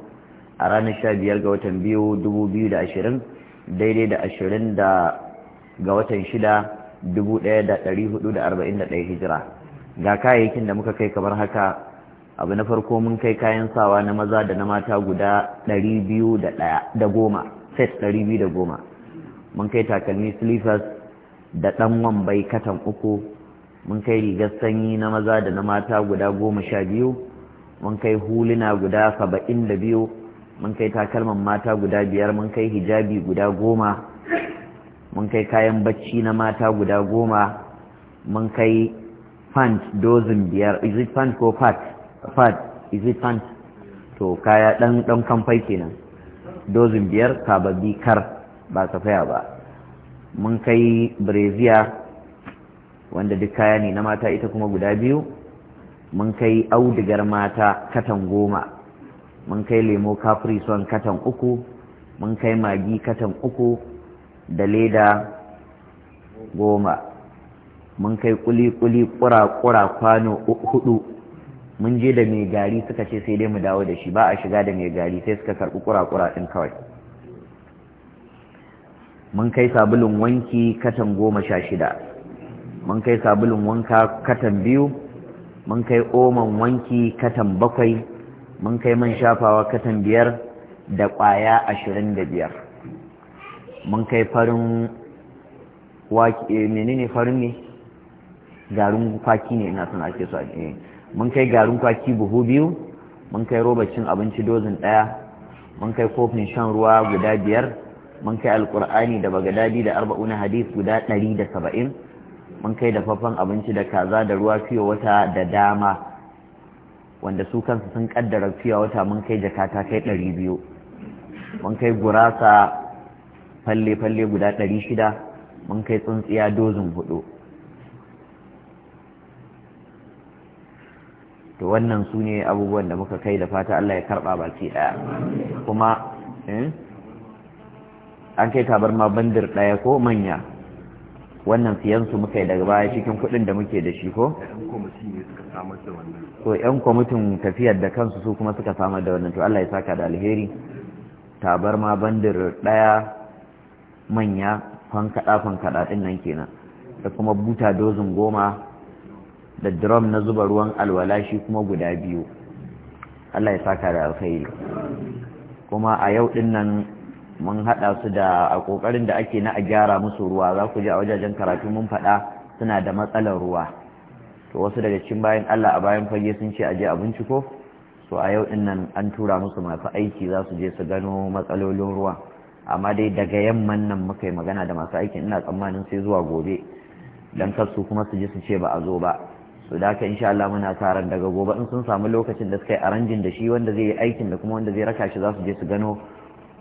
a ranar sha biyar ga watan biyu dubu biyu da ashirin daidai da ashirin ga watan shida dubu ɗaya da ɗari hudu da arba'in da ɗaya hijira ga kayayyakin da muka kai kamar haka abu na farko mun kai kayan sawa na maza da na mata guda ɗari biyu da goma set 210 mun kai takalmi slippers da ɗan wambai katan uku mun kai rigar sanyi na maza da na mata guda goma sha biyu mun kai huluna guda saba'in da biyu mun kai takalman mata guda biyar mun kai hijabi guda goma mun kai kayan bacci na mata guda goma mun kai pant dozin biyar is it pant ko pat pat is it pant to kaya ɗan kamfai kenan dozin biyar sababbi kar ba faya ba mun kai breziya wanda duk kaya ne na mata ita kuma guda biyu mun kai audigar mata katan goma mun kai lemo kafri son katan uku mun kai magi katan uku da leda goma mun kai kuli-kuli kura-kura kwano hudu mun je da mai gari suka ce sai dai mu dawo da shi ba a shiga da mai gari sai suka karɓi kurakura ɗin kawai mun kai sabulun wanki katan goma sha shida mun kai sabulun wanka katan biyu mun kai oman wanki katan bakwai mun kai man shafawa katan biyar da ƙwaya ashirin da biyar mun kai farin wake eh, menene farin ne garin kwaki ne ina son ake su a mun kai garin kwaki buhu biyu mun kai robacin abinci dozin ɗaya mun kai kofin shan ruwa guda biyar mun kai alkur'ani da bagadadi da arba'una hadis guda ɗari da saba'in mun kai dafaffen abinci da kaza da ruwa fiye wata da dama wanda su kansu sun kaddara fiye wata mun kai jakata kai ɗari biyu mun kai gurasa falle-falle guda ɗari shida mun kai tsuntsiya dozin hudu to wannan su ne abubuwan da muka kai da fata Allah ya karɓa ce ɗaya kuma eh, an kai tabarma bandir ɗaya ko manya wannan siyansu muka yi daga baya cikin kuɗin da muke da shi ko? ko 'yan kwamitin tafiyar da kansu su kuma suka samar da wannan to Allah ya saka da alheri tabarma bandir ɗaya manya fankaɗa-fankaɗa ɗin nan kenan da kuma buta dozin goma da drum na zuba ruwan alwala shi kuma guda biyu Allah ya saka da alkhairi kuma a yau din nan mun hada su da a kokarin da ake na a gyara musu ruwa za ku je a wajajen karatu mun fada suna da matsalar ruwa to wasu daga cikin bayan Allah a bayan fage sun ce a je a binciko so a yau din nan an tura musu masu aiki za su je su gano matsalolin ruwa amma dai daga yamman nan muka yi magana da masu aikin ina tsammanin sai zuwa gobe dan kar su kuma su je su ce ba a zo ba so da haka insha Allah muna sa daga gobe in sun samu lokacin da suka yi aranjin da shi wanda zai yi aikin da kuma wanda zai raka shi za su je su gano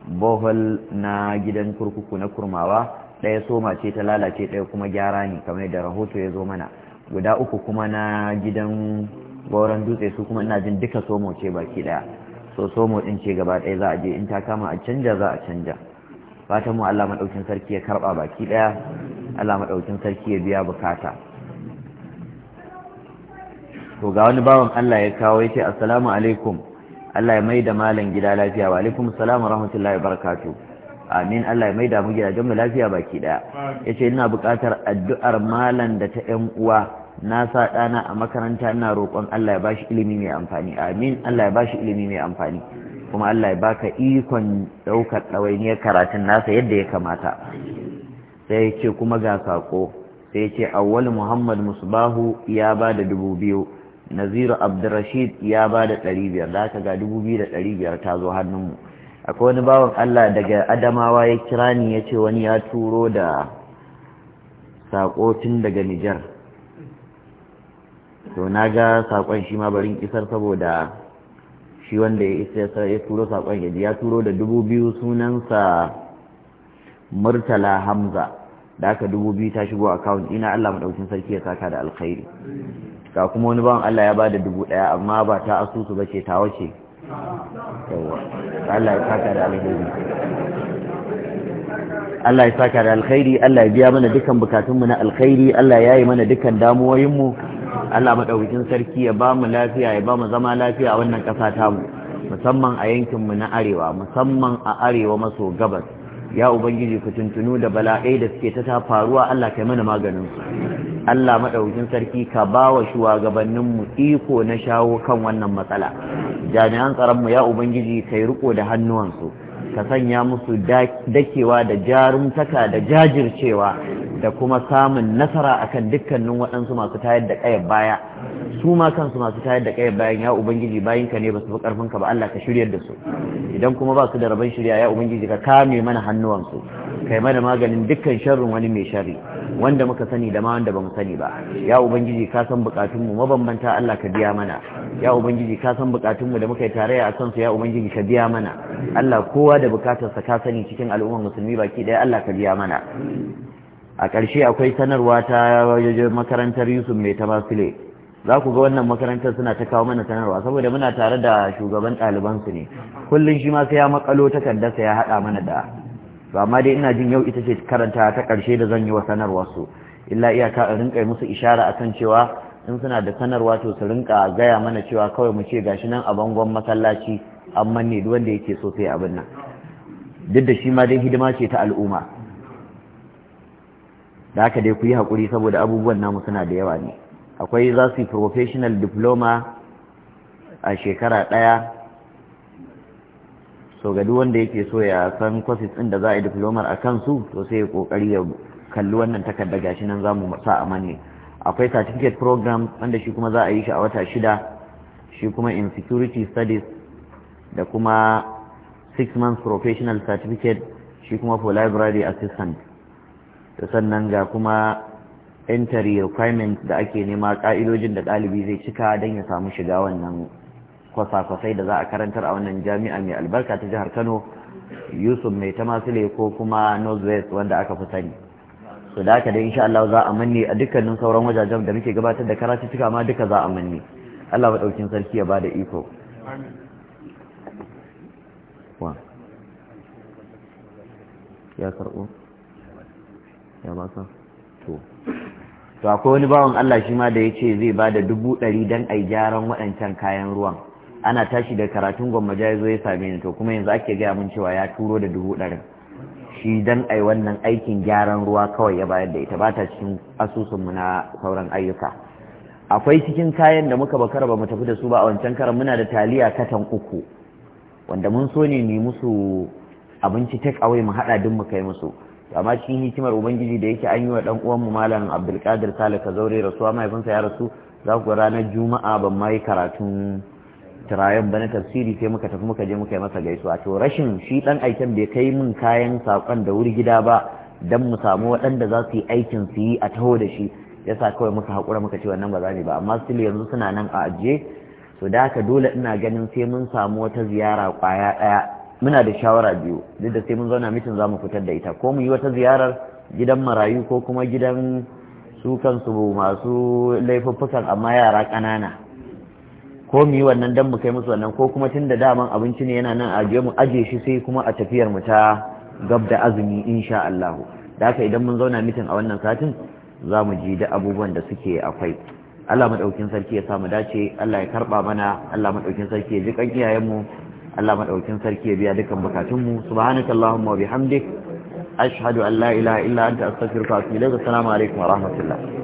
bohol na gidan kurkuku na kurmawa ɗaya soma ce ta lalace ɗaya kuma gyara ne kamar da rahoto ya zo mana guda uku kuma na gidan gauran dutse su kuma ina jin duka somo ce baki ɗaya so somo ɗin ce gaba ɗaya za a je in ta kama a canja za a canja fatanmu mu Allah sarki ya karɓa baki ɗaya Allah maɗaukin sarki ya biya bukata to ga wani bawan Allah ya kawo yace assalamu alaikum Allah ya mai da malam gida lafiya wa alaikum wa rahmatullahi barakatuh amin Allah ya mai da mu gidajen mu lafiya baki daya yace ina buƙatar addu'ar malam da ta ƴan uwa na sa ɗana a makaranta ina roƙon Allah ya bashi ilimi mai amfani amin Allah ya bashi ilimi mai amfani kuma Allah ya baka ikon ɗaukar ɗawainiyar karatun nasa yadda ya kamata sai ya ce kuma ga saƙo sai ya ce awwal muhammad musbahu ya ba da dubu biyu naziru abdurrashid ya ba da ɗari biyar da aka ga dubu biyu da ɗari biyar ta zo hannunmu akwai wani bawan allah daga adamawa ya kira ni ya ce wani ya turo da saƙo daga nijar to na ga saƙon shi ma barin isar saboda shi wanda ya turo saƙon ya turo da dubu biyu sunansa murtala hamza da aka dubu biyu ta shigo account ina Allah madaukin sarki ya saka da alkhairi ga kuma wani bawan Allah ya bada dubu daya amma ba ta asusu bace ta wace Allah ya saka da alkhairi Allah ya saka da alkhairi Allah ya biya mana dukan bukatunmu na alkhairi Allah ya yi mana dukan mu. Allah madaukakin sarki ya ba mu lafiya ya ba mu zama lafiya a wannan ƙasa mu. musamman a yankinmu na arewa musamman a arewa maso gabas ya ubangiji ku tuntunu da bala'ai da suke ta faruwa Allah kai mana maganin su Allah maɗaukin sarki ka bawa shugabannin mu iko na shawo kan wannan matsala jami'an tsaron mu ya ubangiji kai riko da hannuwan su ka sanya musu dakewa da jarumtaka da jajircewa da kuma samun nasara akan dukkanin waɗansu masu tayar da ƙayar baya su ma kansu masu tayar da ƙayar bayan ya ubangiji bayan ka ne ba su fi ƙarfin ka ba Allah ka shiryar da su idan kuma ba su da rabon shirya ya ubangiji ka kame mana hannuwansu kai mana maganin dukkan sharrin wani mai shari wanda muka sani da ma wanda ba mu sani ba ya ubangiji ka san bukatunmu mabambanta Allah ka biya mana ya ubangiji ka san bukatunmu da muka yi tarayya a kansu ya ubangiji ka biya mana Allah kowa da bukatarsa ka sani cikin al'ummar musulmi baki ɗaya Allah ka biya mana a ƙarshe akwai sanarwa ta makarantar yusuf mai ta basile za ku ga wannan makarantar suna ta kawo mana sanarwa saboda muna tare da shugaban ɗalibansu ne kullum shi ma sai ya makalo takardarsa ya haɗa mana da ba amma dai ina jin yau ita ce karanta ta ƙarshe da zan yi wa su illa iyaka in rinƙa musu ishara akan cewa in suna da sanarwa to su rinƙa gaya mana cewa kawai mu ce gashi nan a bangon masallaci an manne duk wanda yake so sai abin nan duk da shi ma dai hidima ce ta al'umma da haka dai ku yi haƙuri saboda abubuwan namu suna da yawa ne akwai za su yi professional diploma a shekara ɗaya so ga duk wanda yake so ya san courses ɗin da za a yi diplomar a kansu to sai ya ƙoƙari ya kalli wannan takarda gashi nan za mu sa a manne akwai certificate program wanda shi kuma za a yi shi a wata shida shi kuma in security studies da kuma six months professional certificate shi kuma for library assistant da sannan ga kuma entry requirement da ake nema ƙa'idojin da ɗalibi zai cika don ya samu shiga wannan kwasa-kwasai da za a karantar a wannan jami'a mai albarka ta jihar kano yusuf mai ta masule ko kuma northwest wanda aka fi sani su da aka da insha za a manne a dukkanin sauran wajajen da muke gabatar da karatu cika ma duka za a manne Allah maɗaukin sarki ya ba da iko ya ya to akwai wani bawan Allah shi ma da ya ce zai ba da dubu ɗari dan a gyaran waɗancan kayan ruwan ana tashi da karatun gwamma ya ya same ni to kuma yanzu ake gaya mun cewa ya turo da dubu ɗarin shi don a wannan aikin gyaran ruwa kawai ya bayar da ita ba ta cikin asusunmu na sauran ayyuka akwai cikin kayan da muka bakara ba mu tafi da su ba a wancan karan muna da taliya katan uku wanda mun so ne ni musu abinci take away mu haɗa duk mu kai musu amma cikin hikimar ubangiji da yake an yi wa dan uwan mu malam abdulkadir sale ka zaure rasuwa mahaifinsa ya rasu za ku ranar juma'a ban ma yi karatun tirayen ba na tafsiri sai muka tafi muka je muka yi masa gaisuwa to rashin shi dan aikin bai kai mun kayan sakon da wuri gida ba dan mu samu waɗanda za su yi aikin su yi a taho da shi yasa kawai muka haƙura muka ce wannan ba za ni ba amma still yanzu suna nan a ajiye so da haka dole ina ganin sai mun samu wata ziyara kwaya ɗaya muna da shawara biyu duk da sai mun zauna mitin za mu fitar da ita ko mu yi wata ziyarar gidan marayu ko kuma gidan su kansu masu laifuffukan amma yara ƙanana ko mu yi wannan dan mu kai musu wannan ko kuma tun da daman abinci ne yana nan a mu aje shi sai kuma a tafiyar mu ta gab da azumi insha Allah da haka idan mun zauna mitin a wannan satin za mu ji da abubuwan da suke akwai Allah madaukin sarki ya samu dace Allah ya karba mana Allah madaukin sarki ya ji kan iyayen mu Allah maɗaukin sarki ya biya dukan bukatunmu subhanakallahumma wa bihamdik ashhadu an la ilaha illa anta astaghfiruka wa atubu ilaik assalamu alaikum wa rahmatullah